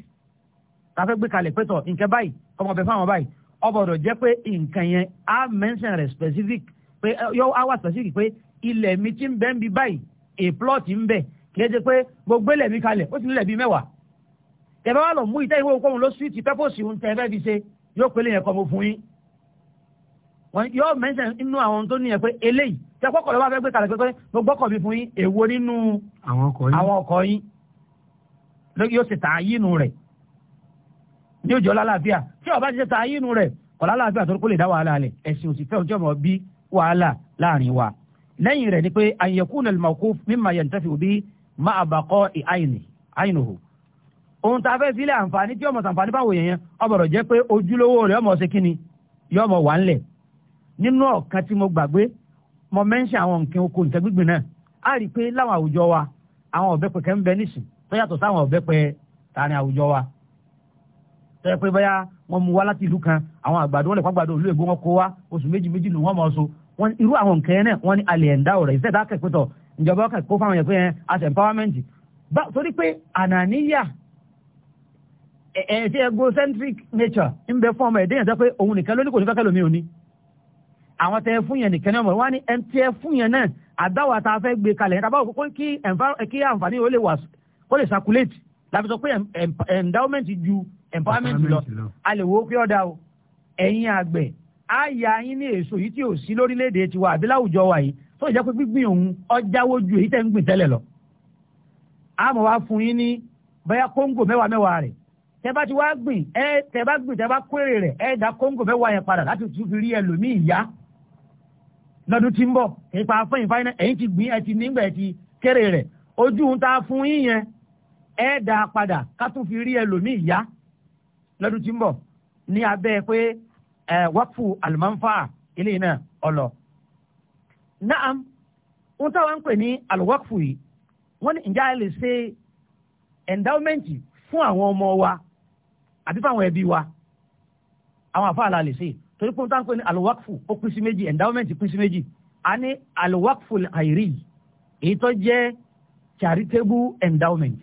tá a fẹ́ gbé kalẹ̀ pẹ́tọ̀ nǹkan báyìí ọmọ ọbẹ̀ fáwọn báyìí ọbọ̀dọ̀ jẹ́ pé nǹkan yẹn á mention rẹ̀ specific pé yọ awa specific pé ilẹ̀ mi ti ń bẹ́ ń bi báyìí a plot ń bẹ̀ kì í ṣe pé gbogbo ilẹ̀ mi kalẹ̀ ó sì nílẹ̀ bíi mẹ́wàá tẹ̀bá wà lọ mú ìtẹ́ ìwé okòwò ló sùn ti pẹ́pọ̀sì ń tẹ́ fẹ́ fi ṣe yóò pélé yẹn kọ́ mo fún yín. wọn yóò mẹ́sàn nínú àwọn tó ní yẹn pé eléyìí tẹ kọ́kọ́ lọ́wọ́ fẹ́ kalẹ̀ pé mo gbọ́kọ̀ mi fún yín èwo nínú àwọn ọkọ̀ yín yóò ṣe tààyínú rẹ̀ ní òjò lálàáfíà tí ọba ti ṣe tààyínú rẹ̀ kọ̀ lálàáfíà tó lè dá wàhálà lẹ̀ ẹ̀sìn òsìfẹ́ ohun tá a fẹ́ sílẹ̀ àǹfààní tí ọmọ sàǹfààní báwo yẹn yẹn ọbọ̀rọ̀ jẹ́ pé ojúlówó rẹ̀ ọmọ ṣe kíni yọmọ wà ńlẹ̀ nínú ọ̀kan tí mo gbàgbé mo mẹ́ńṣẹ̀ àwọn nǹkan oko nǹkan gbígbìn náà a rí i pé láwọn àwùjọ wa àwọn ọ̀bẹ pẹ̀kẹ́ ń bẹ nísìn tó yàtọ̀ sáwọn ọ̀bẹ pẹ tààrin àwùjọ wa tó yẹ pé bóyá wọn mú wá láti ìlú kan àwọn àgbàdo wọn lè pàgbàdo òlú ègbó wọn kó wá oṣù méjì méjì lù wọn mọ ọsọ wọn irú àwọn nǹkan yẹn náà wọn ní alẹ́ ẹ̀ńdá ọ̀rẹ́ ìṣẹ̀dá kẹ̀kẹ́ ìjọba kẹ̀kọ́ fáwọn yẹn pé yẹn as empowerment torí pé ànàníyà ẹ̀ egocentric nature ń bẹ fún ọmọ ẹ̀dẹ́ yẹn sọ pé òun nìkan ló ní kò ní kọ́kẹ́ lómi ò ní àwọn tẹ fún yẹn nìkan ní ọmọ wa ni ẹ̀ ti ẹ fún yẹn náà àdáwà tá a fẹ́ gbé kalẹ̀ yẹn tàbá kó kí àǹfààní ó lè wà kó lè circulate láti sọ pé endowment ju empowerment lọ a lè wo pé ọ̀dà o ẹ̀yin àgbẹ̀ á yà yín ní èso yìí tí ò sí lórílẹ̀‐èdè tiwa àbí láwùjọ wa yìí tó ìjẹ́ pé gbígbìn òun ọjàwó ju èyí tẹ́ ń gbìn tẹ́lẹ̀ lọ. àmọ́ wa fún yín ní bẹ́ẹ̀ kóńgò mẹ́wàá mẹ́wàá rẹ̀ tẹ́bá ti wá gbìn ẹ tẹ́bá gbìn tẹ́bá kórè rẹ̀ ẹ dá kóńgò fẹ́ wá yẹn padà láti tún fi rí ẹlòmíì yá lọ́dún tí ń bọ̀ ipa afẹ́yìn fáyínà ẹ̀yìn ti gbìn ẹ ti nígbà ẹ ti kéré rẹ̀ ojú ń ta fún yín yẹn ẹ dá padà ká tún fi rí ẹlòmíì yá lọ́dún tí ń bọ̀ ní abẹ́ pé ẹ wákùú àlùmọ́nfà ilé náà ọlọ. naam ń táwọn ń pè ní àlùwákùú yìí wọ́n ní ìjà lè ṣe endowment fún àwọn ọmọ wa àbí fáwọn ẹbí wa àwọn àfa àlà lè ṣe torí pé táwọn pè ní alowakfu ó pín sí méjì endowment pín sí méjì a ní alowakfu àìrí èyí tó jẹ́ charitable endowment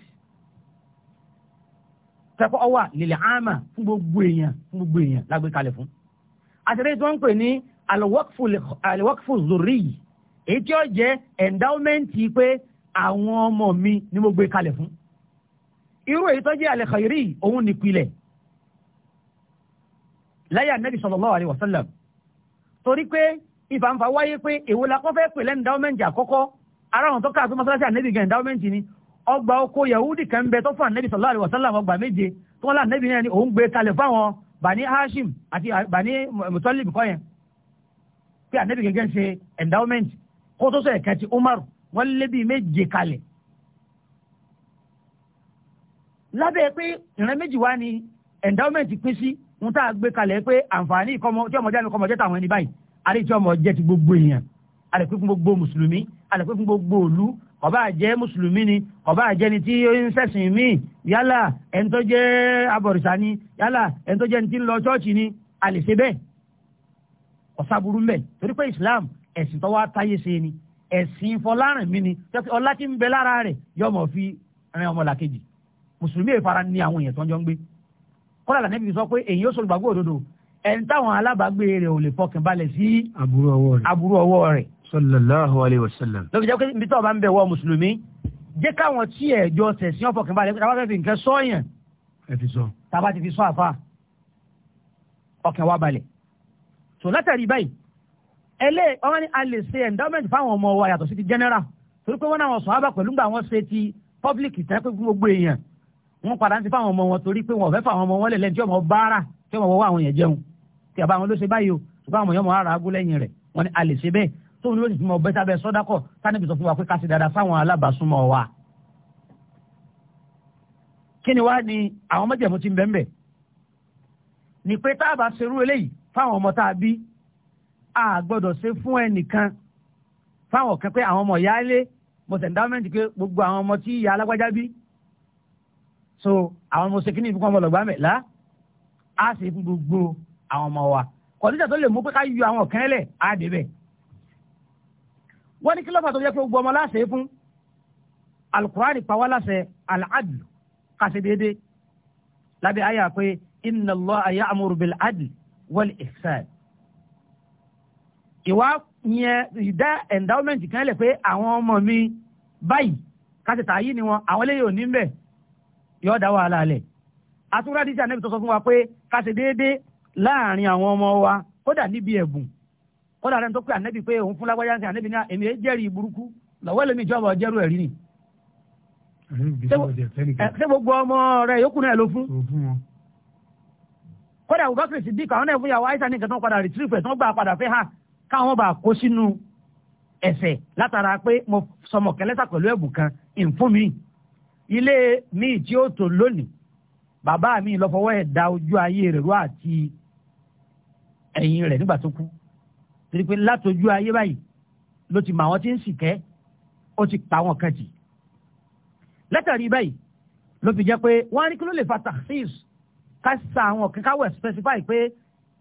tẹ́kọ̀ ọwà lílẹ̀ àmà fún gbogbo èèyàn fún gbogbo èèyàn lágbé kalẹ̀ fún àtẹ̀lé tí wọ́n ń pè ní alowakfu zori èyí tí ó jẹ́ endowment pé àwọn ọmọ mi ni mo gbé kalẹ̀ fún irú èyí tó jẹ́ alẹ́ khairi òun nìpìlẹ̀ láyà nẹ́bí sallallahu alaihi wasallam torí pé ìfàǹfà wáyé pé èwo la kọ́ fẹ́ pè lẹ́ endowment àkọ́kọ́ ara àwọn tó ká àtúmọ̀ sọ́lá sí ànẹ́bí gan endowment ni ọgbà oko yahudi kan bẹ tó fún ànẹ́bí sallallahu alaihi wasallam ọgbà méje tó wọn lànẹ́bí náà ni òun gbé kalẹ̀ fáwọn bani hashim àti bani mutallib kọ́ yẹn pé ànẹ́bí gẹ́gẹ́ ṣe endowment kó tó sọ ẹ̀ka ti umar wọ́n lé bíi méje kalẹ̀ lábẹ́ pé ìran méjì wá ni endowment pín sí ń tá a gbé kalẹ̀ pé àǹfààní ìkọmọ tí ọmọdé àná kọmọdé táwọn ẹni báyìí àrí tí ọmọ jẹ́ ti gbogbo èèyàn àlẹ́pẹ́ fún gbogbo mùsùlùmí àlẹ́pẹ́ fún gbogbo òlu kò bá jẹ́ mùsùlùmí ni kò bá jẹ́ ni tí ó ń ṣẹ̀sìn míì yálà ẹni tó jẹ́ abọ̀rìṣà ni yálà ẹni tó jẹ́ ni tí ń lọ ṣọ́ọ̀ṣì ni àlèṣe bẹ́ẹ̀ ọ̀sàbùrú mbẹ̀ torí pé Islam ẹ̀sìn tó wá ni ẹ̀sìn ni ọlá tí ń bẹ lára rẹ̀ yọmọ fi rìn ọmọlàkejì mùsùlùmí ìfara ni àwọn èèyàn tó kọ́lá lànàbí sọ pé èyí ó sọlùgbàgbọ́ òdodo ẹni táwọn alábàágbé rẹ̀ ò lè fọkàn balẹ̀ sí aburú ọwọ́ rẹ̀. sallallahu alayhi wa sallam. lókè jẹ́ pé ibi tí ọba ń bẹ̀ mùsùlùmí jẹ́ káwọn tí ẹ̀ jọ tẹ̀sí ọ̀ fọkàn balẹ̀ tábà fi nǹkan sọ́yàn. ẹ ti sọ. tábà fi sọ àfa ọkàn wa balẹ̀. sọ látàrí báyìí ẹlẹ́ ọmọ ni a lè ṣe endowment fáwọn ọmọ wa yàtọ̀ sí ti general torí pé wọ́n náà wọ́n sọ wọ́n padà ń ti fáwọn ọmọ wọn torí pé wọ́n fẹ́ fáwọn ọmọ wọn lẹ̀lẹ́ tí ọmọ báárà tí ọmọ wọ́n àwọn yẹn jẹun tí àbá wọn ló ṣe báyìí o ṣùgbọ́n àwọn yẹn mọ̀ ara agún lẹ́yìn rẹ̀ wọ́n ní a lè ṣe bẹ́ẹ̀ tóun ló sì fi mọ bẹ́ẹ̀ sábẹ́ sọ́dákọ̀ tánibì sọ fún wa pé ká sì dáadáa sáwọn alábàásùnmọ̀ wa. kí ni wá ni àwọn mọ̀jẹ̀mú ti ń bẹ́ẹ̀ bẹ́ẹ̀ ni pé tá a bá ṣerú eléyìí fáwọn ọmọ tá a bí a gbọ́dọ̀ ṣe fún ẹnìkan fáwọn kan bí so àwọn ọmọ ṣe kíní ìfúnpọ̀ ọmọlọ́gbà mẹ́ là á sì fún gbogbo àwọn ọmọ wa kọ̀díjà tó lè mú pé ká yọ àwọn ọ̀kẹ́ lẹ̀ á dé bẹ̀. wọ́n ní kí lọ́fà tó yẹ pé gbogbo ọmọ láṣẹ fún alukurani pa wá láṣẹ al'adl kàṣẹ déédé lábẹ́ àyà pé inna Allah ya'muru bil adl wal ihsan ìwà yẹn ìdá endowment kan lè pé àwọn ọmọ mi báyìí kásìtà yìí ni wọn àwọn eléyìí ò ní bẹ́ẹ̀ yóò dá wàhálà alẹ̀ àtúndádìsí ànábì tó sọ fún wa pé ká ṣe déédéé láàrin àwọn ọmọ wa kódà níbi ẹ̀bùn kódà rẹ̀ tó pé ànábì pé òun fún lágbájá ń sìn ànábì ní èmi ẹ jẹ́rìí burúkú lọ́wọ́ lèmi ìjọba ọjẹ́rú ẹ̀rí ni. ṣé gbogbo ọmọ rẹ yókù náà ló fún. kódà Abubakar Siddiq àwọn náà fún yàwó àìsàn ní nǹkan tó ń padà retrieve ẹ̀ tó ń gbà padà fẹ́ hà káwọn bá kó sínú ẹ̀ṣẹ̀ látara pé mo sọmọ kẹlẹ́sà pẹ̀lú ẹ̀bùn kan ìfún mi ilé mi tí ó tò lónìí bàbá mi lọ fọwọ́ ẹ̀ da ojú ayé rẹ̀ rú àti ẹ̀yìn rẹ̀ nígbà tó kú torí pé látọjú ayé báyìí ló ti mọ àwọn tí ń sì kẹ́ ó ti pa wọn kan jì látàrí báyìí ló fi jẹ́ pé wọ́n á ní kí ló lè fa taxis ká sa àwọn kan specify pé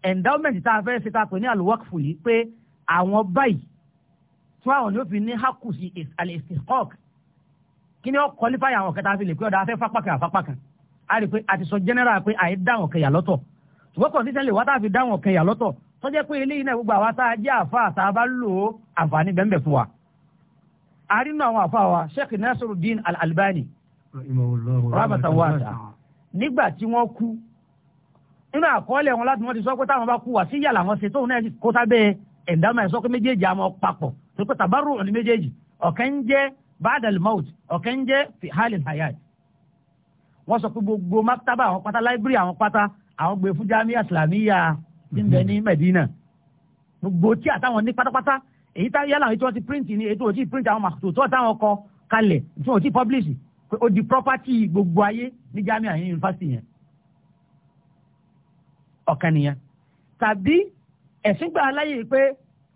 endowment tá a fẹ́ ṣe tá a pè ní alwakfu yìí pé àwọn báyìí tí wọ́n àwọn ni ó fi ní hakusi al-istiqaq kí ni ó kọlífàyà àwọn kẹta fi lè pé ọ̀dà afẹ́ fápákan àfápákan a rí pé àti sọ general pé àyè dáwọn kẹyà lọ́tọ̀ ṣùgbọ́n condition lè wá tá a fi dáwọn kẹyà lọ́tọ̀ tó jẹ́ pé eléyìí náà gbogbo àwa tá a jẹ́ àfa àtà bá lò ó àǹfààní bẹ́ẹ̀ bẹ́ẹ̀ fún wa. a rí nínú àwọn àfa wa Sheikh Nasiruddin Al-Albani rahmatan wasi'a nígbà tí wọ́n kú nínú àkọọ́lẹ̀ wọn láti wọ́n ti sọ pé táwọn bá kú wá sí yàrá wọn ṣe tóun náà kó sábẹ́ ẹ̀ńdámà ẹ̀ sọ pé méjèèjì àmọ́ papọ̀ tó pé tàbárò ní méjèèjì ọ̀kẹ́ ń jẹ́ ba'dal maut ọ̀kẹ́ ń jẹ́ fi halil hayat wọ́n sọ pé gbogbo maktaba àwọn pátá láìbírì àwọn pátá àwọn gbé fún jamiya islamiyya ti ń bẹ ní medina gbogbo tí àtàwọn ní pátápátá èyí tá yálà èyí tí wọ́n print ni èyí tí wọ́n print àwọn màkùtò tó táwọn kọ kalẹ̀ tí wọ́n ti publish pé ó di property gbogbo ayé ní jamiya yẹn yunifásitì yẹn ọ̀kan nìyẹn tàbí ẹ̀sìn gbà láyè pé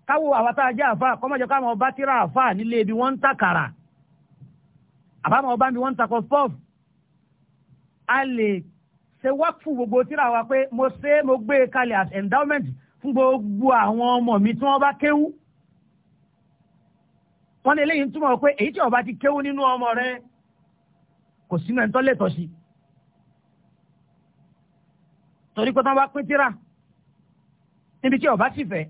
káwọ àwọn tá a jẹ́ àfa kọ́mọ̀jọ́ káwọn ọba tíra àfa nílé ibi wọ́n ń tàkàrà àbámọ̀ ọba mi wọ́n ń takọ̀ pọ́f a lè ṣe wákùú gbogbo tíra wa pé mo ṣe é mo gbé e kalẹ̀ as endowment fún gbogbo àwọn ọmọ mi tí wọ́n bá kéwú wọ́n ní eléyìí ń túmọ̀ pé èyí tí ọba ti kéwú nínú ọmọ rẹ kò sínú ẹ̀ ń tọ́lẹ̀ tọ́ sí torí pé tán bá pín tíra níbi tí ọba sì fẹ́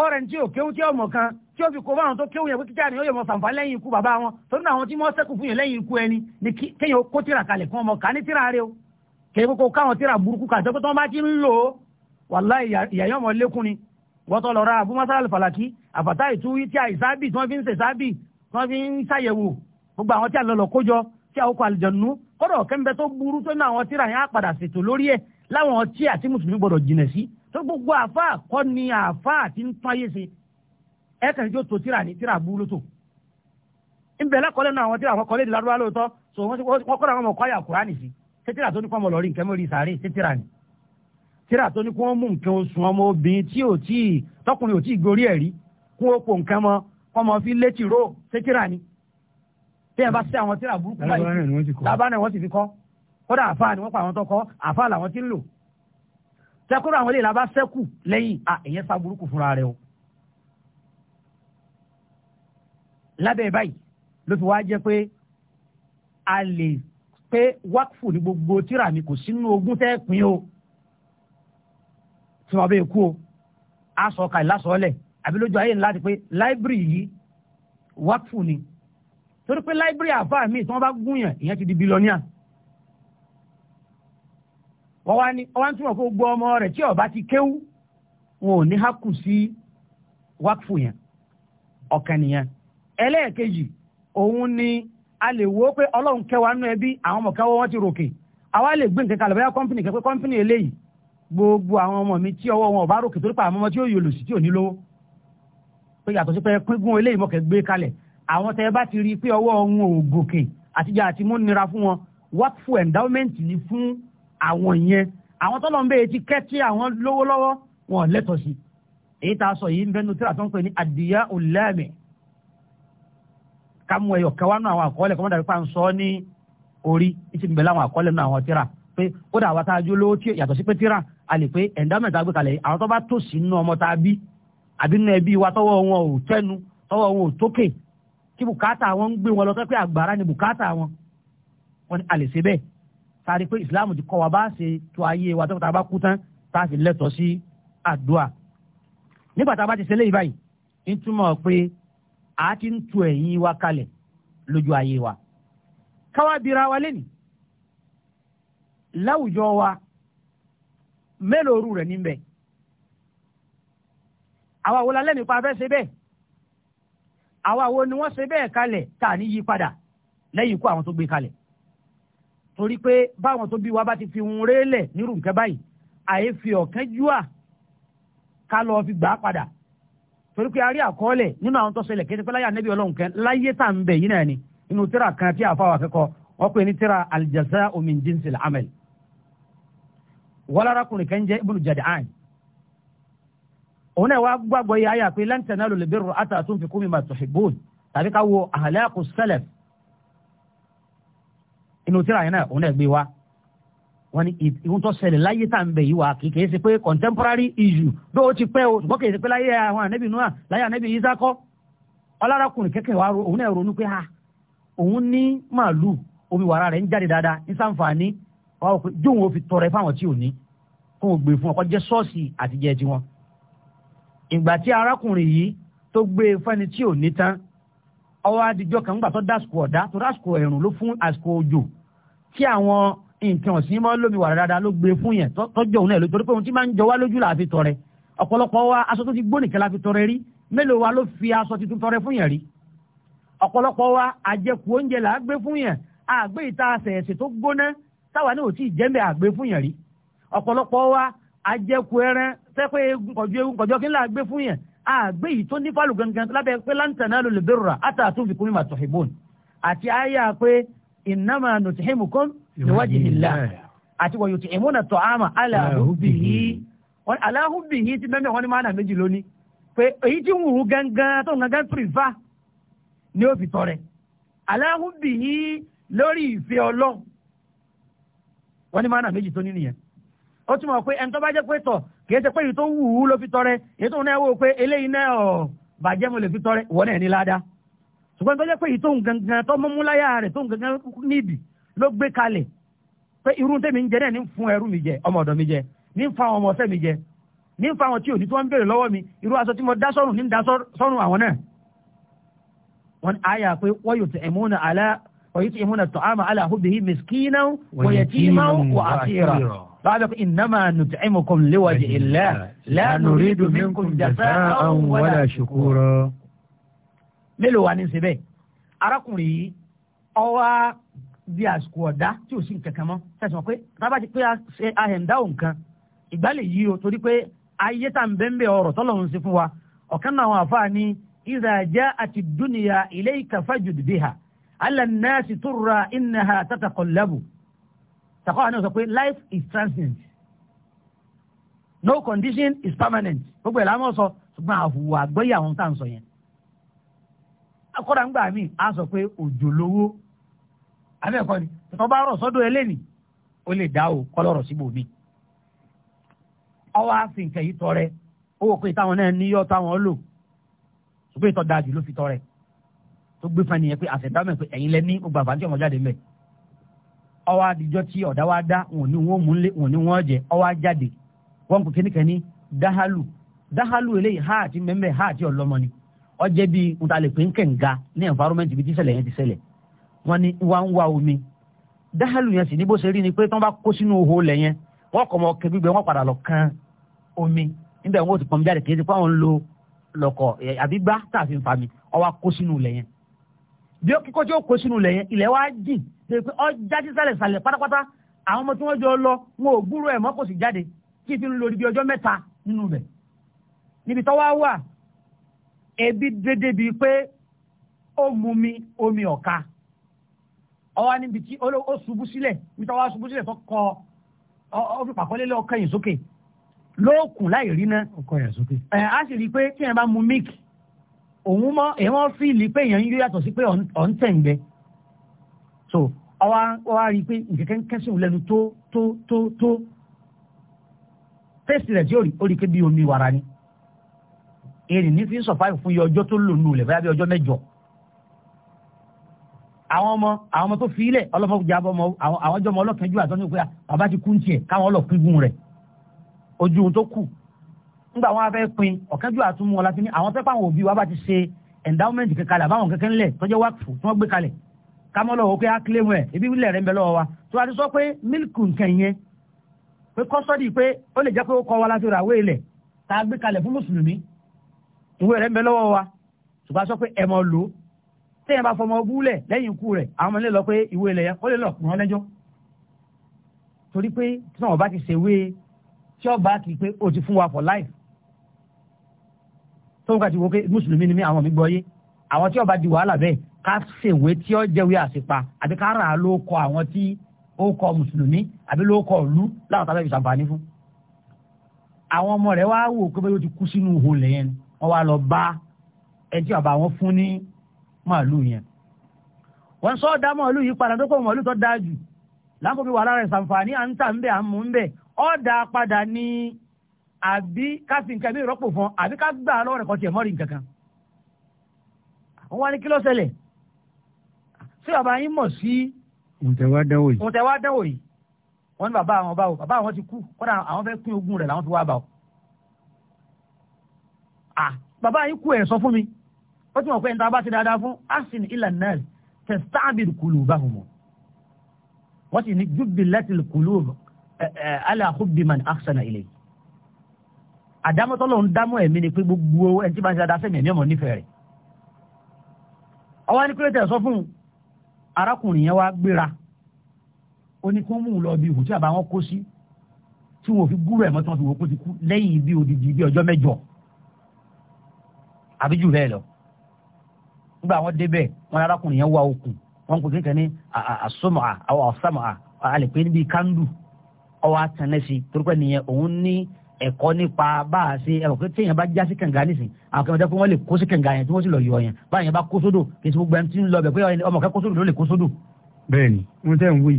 ọ̀rẹ́ ní tí òkéwú tí ọmọ kan tí ó fi kó báwọn tó kéwòn yẹn pé kíkà ni ó yẹ mọ fàǹfà lẹ́yìn ikú bàbá wọn torí náà àwọn tí wọ́n sẹ́kù fún yẹn lẹ́yìn ikú ẹni ni kéèyàn kó tíra kalẹ̀ fún ọmọ ká ní tíra rẹ o kéèyàn kó káwọn tíra burúkú kà jẹ́ pé tí wọ́n bá ti ń lò ó wàláhì ìyá yẹn ọmọ lékún ni wọ́n tọ́ lọ ra abu masal falaki àbàtà ìtúwí tí a ìsábì tí wọ́n fi ń ṣe sábì tí wọ́n fi ń ṣàyẹ̀wò gbogbo àwọn tí a lọ lọ kójọ tí a ó kọ àlùjànnú kọ́dọ̀ kẹ́ńbẹ́ ẹ kàn jó tó tíra ní tíra bú lótò nbẹ lakọlẹ náà àwọn tíra àwọn kọlẹ ìdílárúbá lóòótọ́ so wọn kọ́ra àwọn ọmọ kọ́yà kúránì sí ṣé tíra tó ní kọ́ ọmọ lọ́rí nǹkan mọ́rí sàárè ṣé tíra ni tíra tó ní kí wọ́n mú nǹkan oṣù ọmọ obìnrin tí ò tí tọkùnrin ò tí gorí ẹ̀ rí kí nǹkan mọ kọ́ ọmọ fi létí ró ṣé tíra ni bí ẹ bá ṣe àwọn tíra burúkú báyìí tábà náà wọ́n sì fi kọ́ kódà lábẹ́ báyìí ló fi wá jẹ́ pé a lè pé wákùfù ní gbogbo tíra mi kò sínú ogún tẹ́ pín o tí wọ́n bẹ kú o a sọ ọkà ìlàsọ̀ọ́lẹ̀ àbí lójú ayé ńlá ti pé láìbírì yìí wákùfù ni torí pé láìbírì àfáà míì tí wọ́n bá gúnyàn ìyẹn ti di bílọ́níà wọ́n wá ní wọ́n túnmọ̀ kó gbọ́ ọmọ rẹ̀ tí ó bá ti kéwú wọn ò ní hákù sí wákùfù yẹn ọ̀kan nìyẹn ẹlẹ́ẹ̀kejì òun ni a lè wo pé ọlọ́run kẹwàá nú ẹbí àwọn ọmọ kẹwàá wọn ti ròkè àwa lè gbé nǹkan kalẹ̀ bóyá kọ́ńpìnì kẹ́pẹ́ kọ́ńpìnì eléyìí gbogbo àwọn ọmọ mi tí ọwọ́ wọn ò bá ròkè torí pa àwọn ọmọ tí ó yòlò sí tí ò ní lówó pé yàtọ̀ sí pé pínpín eléyìí mọ̀kẹ́ gbé kalẹ̀ àwọn tẹ́ bá ti rí i pé ọwọ́ wọn ò gòkè àtijọ́ àti mú nira fún wọn wákùfù endowment ni fún àwọn yẹn àwọn tọ́lọ́ ń bẹ́ẹ̀ ti kẹ́tí àwọn lówó lọ́wọ́ wọn lẹ́tọ̀ọ́ sí èyí tá a sọ yìí ń bẹnu tíra tó ń pè ní àdìyá òlẹ́mẹ̀ẹ́ ká mú ẹyọ kan wánú àwọn àkọọ́lẹ̀ kọ́mọ́ dàbí pa ń sọ ní orí ìtì ń bẹ láwọn àkọọ́lẹ̀ nínú àwọn tíra pé ó dà wá tá a jó lówó tí yàtọ̀ sí pé tíra a lè pé endowment tá a gbé kalẹ̀ yìí àwọn tó bá tòsí nínú ọmọ tá a bí àbí nínú ẹbí wa tọwọ́ wọn ò tẹnu tọwọ́ wọn ò tókè kí bùkátà wọn ń gbé wọn lọ sọ àgbàrá ni bùkátà wọn wọn ni a lè ṣe bẹ́ẹ̀ sáré pé ìsìláàmù ti kọ́ wa bá ṣe tó ayé wa tó ta bá kú tán tá a sì lẹ́tọ̀ọ́ sí àdúrà nígbà tá a bá ti ṣe léyìí báyìí ń túmọ̀ pé a ti ń tu ẹ̀yìn wa kalẹ̀ lójú ayé wa káwa bira wa lẹ́nu láwùjọ wa mélòó rú rẹ̀ níbẹ̀ àwa wo la lẹ́nu pa fẹ́ ṣe bẹ́ẹ̀ àwa wo ni wọ́n ṣe bẹ́ẹ̀ kalẹ̀ tá a ní yí padà lẹ́yìn ikú àwọn tó gbé kalẹ̀ torí pé báwọn tó bí wa bá ti fi hun rélẹ̀ nírú nǹkan báyìí àyè fi ọ̀kánjúà ká lọ́ọ́ fi gbà á padà torí pé a rí àkọọ́lẹ̀ nínú àwọn tó ṣẹlẹ̀ kéde pé láyé ànábì ọlọ́run kan láyé tá ń bẹ̀ yìí náà ni inú tíra kan tí àfa wà kẹ́kọ̀ọ́ wọ́n pè ní tíra al-jazā'u min jinsil amal wọ́lárakùnrin kan jẹ́ ibùdó jàdìán òun náà wá gbàgbọ́ yìí ayà pé lan tanalu al-birra hattā tunfiqū mimmā tuḥibbūn tàbí ká wo ahlāqu salaf inú tíra yẹn náà òun náà gbé wa wọ́n ní ìhun tó ṣẹlẹ̀ láyé tá ń bẹ̀ yìí wà kì pé contemporary issue bí ó ti pẹ́ o ṣùgbọ́n kìí ṣe pé láyé àwọn ànẹ́bì Noah láyé ànẹ́bì Ísákọ́ ọlárakùnrin kẹ́kẹ́ wa òun náà ronú pé ha ah, òun ní màálù omi wàrà rẹ̀ ń jáde dáadáa ní sàǹfààní wà ó pé jóun ò fi tọrẹ fáwọn tí ò ní kó o gbé fún ọkọ jẹ́ ṣọ́ọ̀ṣì àtijẹ́ nǹkan ọ̀sìn mọ́ lómi wàrà dáadáa ló gbé fún yẹn tọ́jọ́ òun náà lójú torí pé òun ti máa ń jọ lójú là tọrẹ ọ̀pọ̀lọpọ̀ wa aṣọ tó ti gbó nìkan la fi tọrẹ rí mélòó wa ló fi aṣọ tuntun tọrẹ fún yẹn rí ọ̀pọ̀lọpọ̀ wa àjẹkù oúnjẹ là á gbé fún yẹn àgbé ìta àṣẹ̀ẹ̀sẹ̀ tó gbóná táwa náà ò tí ì jẹ́mbẹ̀ àgbé fún yẹn rí ọ̀pọ̀lọpọ̀ wa àjẹkù ẹran sẹ́pẹ́ egun kọjú egun kọjú kí n là á gbé fún yẹn àgbé pé láǹtàn ìwádìílá àti wọ̀nyí tí ìmúna tọ́ àmà aláhùbìhì aláhùbìhì ti bẹ́ẹ̀ wọ́n ní máa nà méjì lónìí pé èyí tí ń wù gangan tó ń gangan pìrìfà ni ó fi tọrẹ aláhùbìhì lórí ìfẹ́ ọlọ́ wọ́n ni máa nà méjì tó ní nìyẹn ó túmọ̀ pé ẹni tó bá jẹ́ pé tọ̀ kìí ṣe pé èyí tó wù ú ló fi tọrẹ èyí tó ń náwó pé eléyìí náà ọ̀ bàjẹ́ mo lè fi tọrẹ wọ́n náà ní ló gbé kalẹ̀ pé irú tèmi ń jẹ náà ní fún ẹrú mi jẹ ọmọ ọ̀dọ̀ mi jẹ ní fa àwọn ọmọ ọ̀fẹ́ mi jẹ ní fa àwọn tí ò ní tí wọ́n ń béèrè lọ́wọ́ mi irú aṣọ tí mo dá sọ́rùn ní dá sọ́rùn àwọn náà wọn àyà pé wọ́n yóò tẹ̀ ẹ̀mú náà alá ọ̀yí tí ẹ̀mú náà tọ́ àmà alá àhúbẹ̀ yìí mẹ́sìkínà wọ̀yẹ̀ tí máa wọ̀ àṣírà báwọn Bịa àsìkò ọ̀dá tí ò sí mọ́ pé ti pé ìgbàlè yìí o torí pé ayé tá à ń bẹ́ńbẹ́ ọ̀rọ̀ tọ́lọ́run sí fún wa ọ̀kan náà àwọn àfáà ní ìzà àti dúnìyà ilé ìkàfà jùdù bí ha tó ra iná ha tàtàkọ̀ lẹ́bù tàkọ́ àná sọ pé life is transient no condition is permanent gbogbo sọ ṣùgbọ́n àwọn tá à ń sọ yẹn akọ́dà ń gbà mí sọ pé abẹ́ẹ̀kọ́ ni tó bá rọ̀ sọ́dọ̀ ẹlẹ́ni ó lè dá o kọ́lọ́rọ̀ síbò mi. ọwọ́ àfi nǹkan yìí tọrẹ owó pé táwọn náà níyọ́ táwọn lò ṣùgbọ́n ìtọ́ dáa jù ló fi tọrẹ tó gbé fani yẹn pé àṣẹdámẹ̀ pé ẹ̀yin lẹ ní gbogbo àfáàntì ọmọ jáde mẹ́. ọwọ́ àdìjọ́ tí ọ̀dá wa dá òun ni wọ́n mú lé òun ni wọ́n jẹ ọwọ́ àjáde wọ́n kò kíníkẹ́ni dáhàlù dáhàlù eléyìí háà mẹ́mẹ́ háà ọlọ́mọ ni ọjẹ́ bíi ntalẹ̀pẹ́ ń ní environment bíi tíṣẹ̀lẹ̀ yẹn ti wọ́n ní wá ń wá omi dáhàlù yẹn sì ní bó ṣe rí ni pé tí wọ́n bá kó sínú ihò lẹ̀ yẹn wọ́n kọ̀ mọ́ kẹ́ gbígbẹ́ wọ́n padà lọ kan omi níbẹ̀ wọ́n ti pọnmi jáde kì í ti pé àwọn ń lo lọ́kọ̀ àbí gbá tá a fi ń fa mi ọ wá kó sínú ilẹ̀ yẹn bí ó kíkọ́ tí ó kó sínú ilẹ̀ yẹn ilẹ̀ wá jìn ṣe pé ọjà sísàlẹ̀ sàlẹ̀ pátápátá àwọn ọmọ tí wọ́n jọ lọ wọn ò gbúrò ẹ̀ mọ́ kò sì jáde kí fi ń lo ọjọ́ mẹ́ta nínú rẹ̀ níbi tọ́wọ́ wà ebi dédé bíi pé ó mu omi ọ̀ka ọwọ́ níbi tí ó ṣubú sílẹ̀ níta wá ṣubú sílẹ̀ tó kọ ọ fi pàkọ́lé lọ kẹyìn sókè lóòkùn láì rí ná. ọkọ yẹn sókè. ẹ á sì rí i pé tí yẹn bá mu milk òun mọ èèwọ̀n fíìlì pé èèyàn yóò yàtọ̀ sí pé ọ̀ ń tẹ̀ ń gbẹ. so ọwọ́ ọwọ́ rí i pé nkẹ́kẹ́ ń kẹ́sìn òun lẹ́nu tó tó tó tó tẹ́sì rẹ̀ tí ó rí i pé bí omi wàrà ni. èrì ní fi ń sọ̀fáì fún iye ọjọ́ tó lò nù lẹ̀ àwọn ọmọ àwọn ọmọ tó fi ilẹ̀ ọlọ́fọ́ jábọ́ ọmọ àwọn jọmọ ọlọ́kẹ́jú àtọ́ni pé ah, bàbá ti kú ń tiẹ̀ káwọn ọlọ́kùnrin rẹ̀ ojú ohun tó kù nígbà wọn fẹ́ pin ọ̀kẹ́jú àtúmú ọlá ti ní àwọn tẹ́pọ̀ àwọn òbí wa bá ti ṣe endowment kẹkẹlẹ̀ àbáwọn kẹkẹ́ ńlẹ̀ tọ́jọ́ wákìfù tí wọ́n gbé kalẹ̀ kámọ́ lọ́wọ́ pé á ẹ̀ ibi ilẹ̀ rẹ̀ ń bẹ lọ́wọ́ wa tó a ti sọ pé mílìkù nǹkan yẹn pé kọ́sọ́dì pé ó lè jẹ́ pé ó kọ́ wa láti téèyàn bá fọmọ búlẹ̀ lẹ́yìn ikú rẹ̀ àwọn ọmọ ilé lọ pé ìwé ilẹ̀ yẹn ó lè lọ pọ̀ lẹ́jọ́ torí pé tí wọn bá ti ṣèwé tí ọba kì í pé o ti fún wa for life tó ń ka ti wo pé mùsùlùmí ni mí àwọn mi gbọ́ yé àwọn tí ọba di wàhálà bẹ́ẹ̀ ká ṣèwé tí ó jẹ́wé àṣepa àbí ká rà á ló kọ àwọn tí ó kọ mùsùlùmí àbí ló kọ ìlú láwọn tábẹ́ fi ṣàǹfààní fún. àwọn ọmọ rẹ̀ wá bá wọn fún ní màálù yẹn wọ́n sọ dá màálù yìí padà tó kọ́ màálù tó dáa jù lákòó bí wàhálà rẹ̀ sàǹfààní à ń tà ń bẹ̀ à ń mú ń bẹ̀ ọ́ dá padà ní àbí ká fi nǹkan mi rọ́pò fún àbí ká gbà á lọ́wọ́ rẹ̀ kọ́ tiẹ̀ mọ́rin kankan wọ́n wá ní kí ló ṣẹlẹ̀ tí bàbá yín mọ̀ sí òǹtẹ̀wádẹ́wò yìí òǹtẹ̀wádẹ́wò yìí wọ́n ní bàbá àwọn báwo bàbá àwọn ti kú kọ́dà àwọn fẹ́ pín ogún rẹ̀ làwọn fi wá báwo. bàbá yín kú ẹ̀ sọ fún mi ó ti mọ̀ pé níta bá ti dáadáa fún asin ilà náà tẹ̀sítáàbìrì kùlù bá wọn. wọ́n sì ní júbì lẹ́tìlì kùlù aláhùbìmán àṣànà ilé. àdámọ́tọ́lọ́ ń dámọ́ ẹ̀mí ni pé gbogbo ẹni tí bá ti dáadáa fẹ́mi ẹ̀mí ọmọ nífẹ̀ẹ́ rẹ̀. ọwọ́ ní kúrẹ́tẹ̀ sọ fún arákùnrin yẹn wá gbéra ó ní kí wọ́n mú un lọ bí ìhùn tí àbá wọn kó sí tí wọn ò fi gúrò ẹ̀mọ́ tí wọ́n fi wò kó ti kú lẹ́yìn bí odidi bí ọjọ́ mẹ́jọ àbí jù bẹ́ẹ̀ lọ nígbà wọn débẹ̀ wọn arákùnrin yẹn wá okùn wọn kò kékeré ní àsomọ́à àwọn ọ̀sámọ́à àlèpé níbi kándù ọwọ́ àtẹnẹ́sì torípẹ́ nìyẹn òun ní ẹ̀kọ́ nípa bá a ṣe ẹ̀rọ pé téèyàn bá já sí kànga nísìn àwọn kẹmẹtẹ fún wọn lè kó sí kànga yẹn tí wọ́n sì lọ yọ yẹn báyìí yẹn bá kó sódò kì í ṣe gbogbo ẹni tí ń lọ bẹ̀ pé ọmọ kẹ́ kó sódò ló lè kó sódò. bẹ́ẹ̀ni wọn tẹ ń wí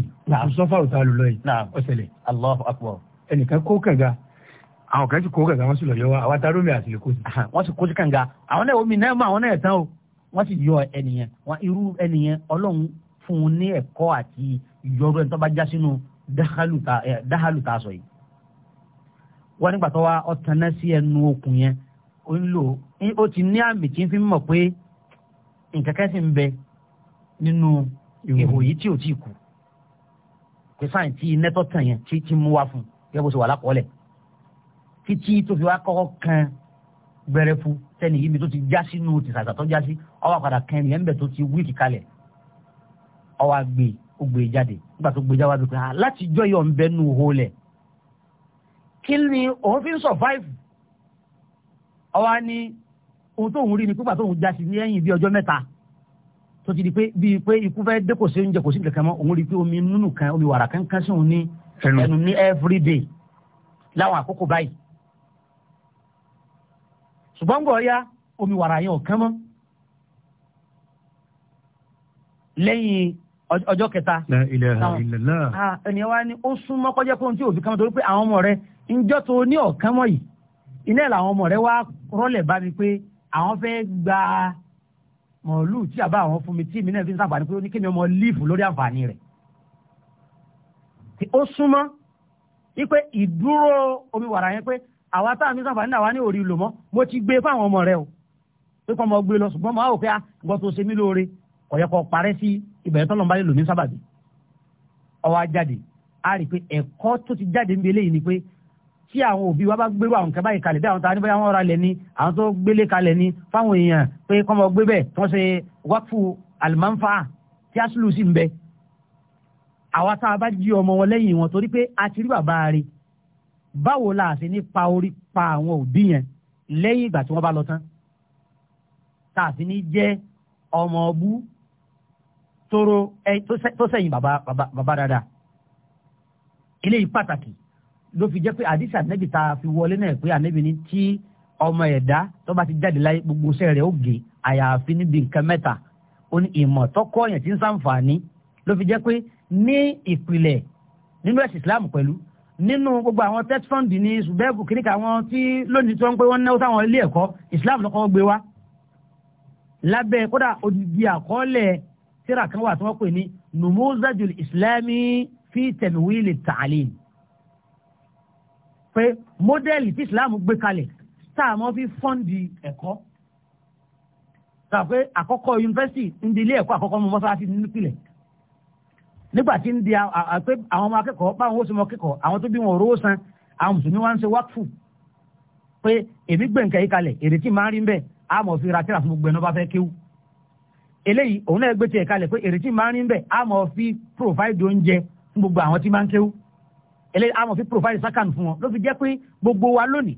sọfà òtá lulọ yìí ọsẹlẹ Allahu akbar ẹnìkan kó kànga àwọn kan ti kó kànga wọn sì lọ yọ wa àwa ta lómi àti lè kó sí. wọn sì kó sí kànga àwọn náà omi náà mọ àwọn náà tán o wọ́n sì yọ ẹnìyẹn wọn irú ẹnìyẹn ọlọ́run fún un ní ẹ̀kọ́ àti ìyọrú ẹni tó bá já sínú dáhàlù tá a sọ yìí. wọ́n nígbà tó wá ọ̀tàn náà sí ẹnu okùn yẹn ó ń lò ó ti ní àmì tí ń fi mọ̀ pé nǹkan kẹ́sì ń bẹ nínú ihò yìí tí ò tí kù pé sáyìn tí iná tó tàn yẹn tí mú wá fún gẹ́gẹ́ bó wà lákọọ́lẹ̀ títí tó fi wá kọ́kọ́ kan gbẹrẹfu tẹni yìí mi tó ti já sínú ti sàtà tó já sí ọwọ́ àpàdà kan ẹnìyẹn bẹ̀ tó ti wíìkì kalẹ̀ ọwọ́ àgbè ó gbé e jáde nígbà tó gbé e jáde bí pé ah láti jọ yọ̀ ń bẹ́ nù hó kí ni òun fi ń survive ọwọ́ á ní ohun tóun rí ni pípa tóun já sí ní ẹ̀yìn bí ọjọ́ mẹ́ta tó ti di pé bíi pé ikú fẹ́ dé kò sí oúnjẹ kò sí kankan mọ́ òun rí pé omi nínú kan omi wàrà kankan sí òun ní ẹnu ní everyday láwọn àkókò báyìí ṣùgbọ́n gbọ́ ya omi wàrà yẹn ò kán mọ́ lẹ́yìn ọjọ́ kẹta ẹni wa ni ó súnmọ́ kọjá pé ohun tí òfin kan torí pé àwọn ọmọ rẹ ńjọ́ tó ní ọ̀kan mọ́ yìí iná ẹ̀ làwọn ọmọ rẹ wá rọ́lẹ̀ bá mi pé àwọn fẹ́ gba mọ̀ọ́lù tí àbá àwọn fún mi tí mi náà fi ń sàǹfààní pé ó ní kí mi ọmọ líìfù lórí àǹfààní rẹ̀ ó súnmọ́ wípé ìdúró omi wàrà yẹn pé àwa tá a ní sàǹfààní àwa ní orí lò mọ́ mo ti gbé e fáwọn ọmọ rẹ o pé kọ́ ọmọ gbé e lọ ṣùgbọ́n mo á wò pé a ah, gbọ́ tó ṣe mí lóore kò yẹ parẹ́ sí ìbẹ̀rẹ̀ tọ́lọ́ bá lò ní sábàbí ọwọ́ ajáde a rí i pé ẹ̀kọ́ tó ti jáde ń belé yìí ni pé tí àwọn òbí wa bá gbérú àwọn nǹkan báyìí kalẹ̀ bí àwọn tá a ní bóyá ni àwọn tó gbélé kalẹ̀ ni fáwọn èèyàn pé kọ́ ọmọ gbé bẹ́ẹ̀ tó ń ṣe wákùú àlùmáńfà tí aṣílù sì ń bẹ àwa báwo la ṣe ní pa orí pa àwọn òbí yẹn lẹ́yìn ìgbà tí wọ́n bá lọ tán tá a sì ní jẹ́ ọmọ ọbú tóró ẹ tó sẹ́yìn bàbá bàbá dáadáa eléyìí pàtàkì ló fi jẹ́ pé àdìsí ànẹ́bì tá a fi wọlé náà pé ànẹ́bì ní tí ọmọ ẹ̀dá tó bá ti jáde láyé gbogbo iṣẹ́ rẹ̀ ó gé àyàfi níbi nǹkan mẹ́ta ó ní ìmọ̀ tọ́kọ́ yẹn ti ń sàǹfààní ló fi jẹ́ pé ní ìpìlẹ̀ nínú ẹ̀sìn Islam pẹ̀lú nínú gbogbo àwọn tech fund ní ṣùgbẹ́ẹ̀kù kìríkà àwọn tí lónìí tí wọ́n ń pé wọ́n náwó sáwọn ilé ẹ̀kọ́ Islam lọ́kọ́ gbé wá lábẹ́ kódà odidi àkọọ́lẹ̀ tíra kan wà tí wọ́n pè ní numuzajul islami fi tẹ̀míwìlì ta'lim pé mọ́dẹ́lì tí Islam gbé kalẹ̀ táà mọ́ fi fọ́ǹdì ẹ̀kọ́ tàbí àkọ́kọ́ yunifásitì ń di ilé ẹ̀kọ́ àkọ́kọ́ mọ́ mọ́sáàsì nípìnlẹ̀ nígbà tí ń di pé àwọn ọmọ akẹ́kọ̀ọ́ báwọn ó sì mọ akẹ́kọ̀ọ́ àwọn tó bí wọn òróró san àwọn mùsùlùmí wá ń ṣe wákfù pé èmi gbé nǹkan yìí kalẹ̀ èrè tí máa ń rí ń bẹ̀ á mọ̀ fi ra kíra fún gbogbo ẹ̀nà bá fẹ́ kéwú eléyìí òun náà gbé tiẹ̀ kalẹ̀ pé èrè máa ń rí ń bẹ̀ á mọ̀ fi provide oúnjẹ fún gbogbo àwọn tí máa ń kéwú eléyìí á mọ̀ fi provide sákàn fún wọn ló fi jẹ́ pé gbogbo wa lónìí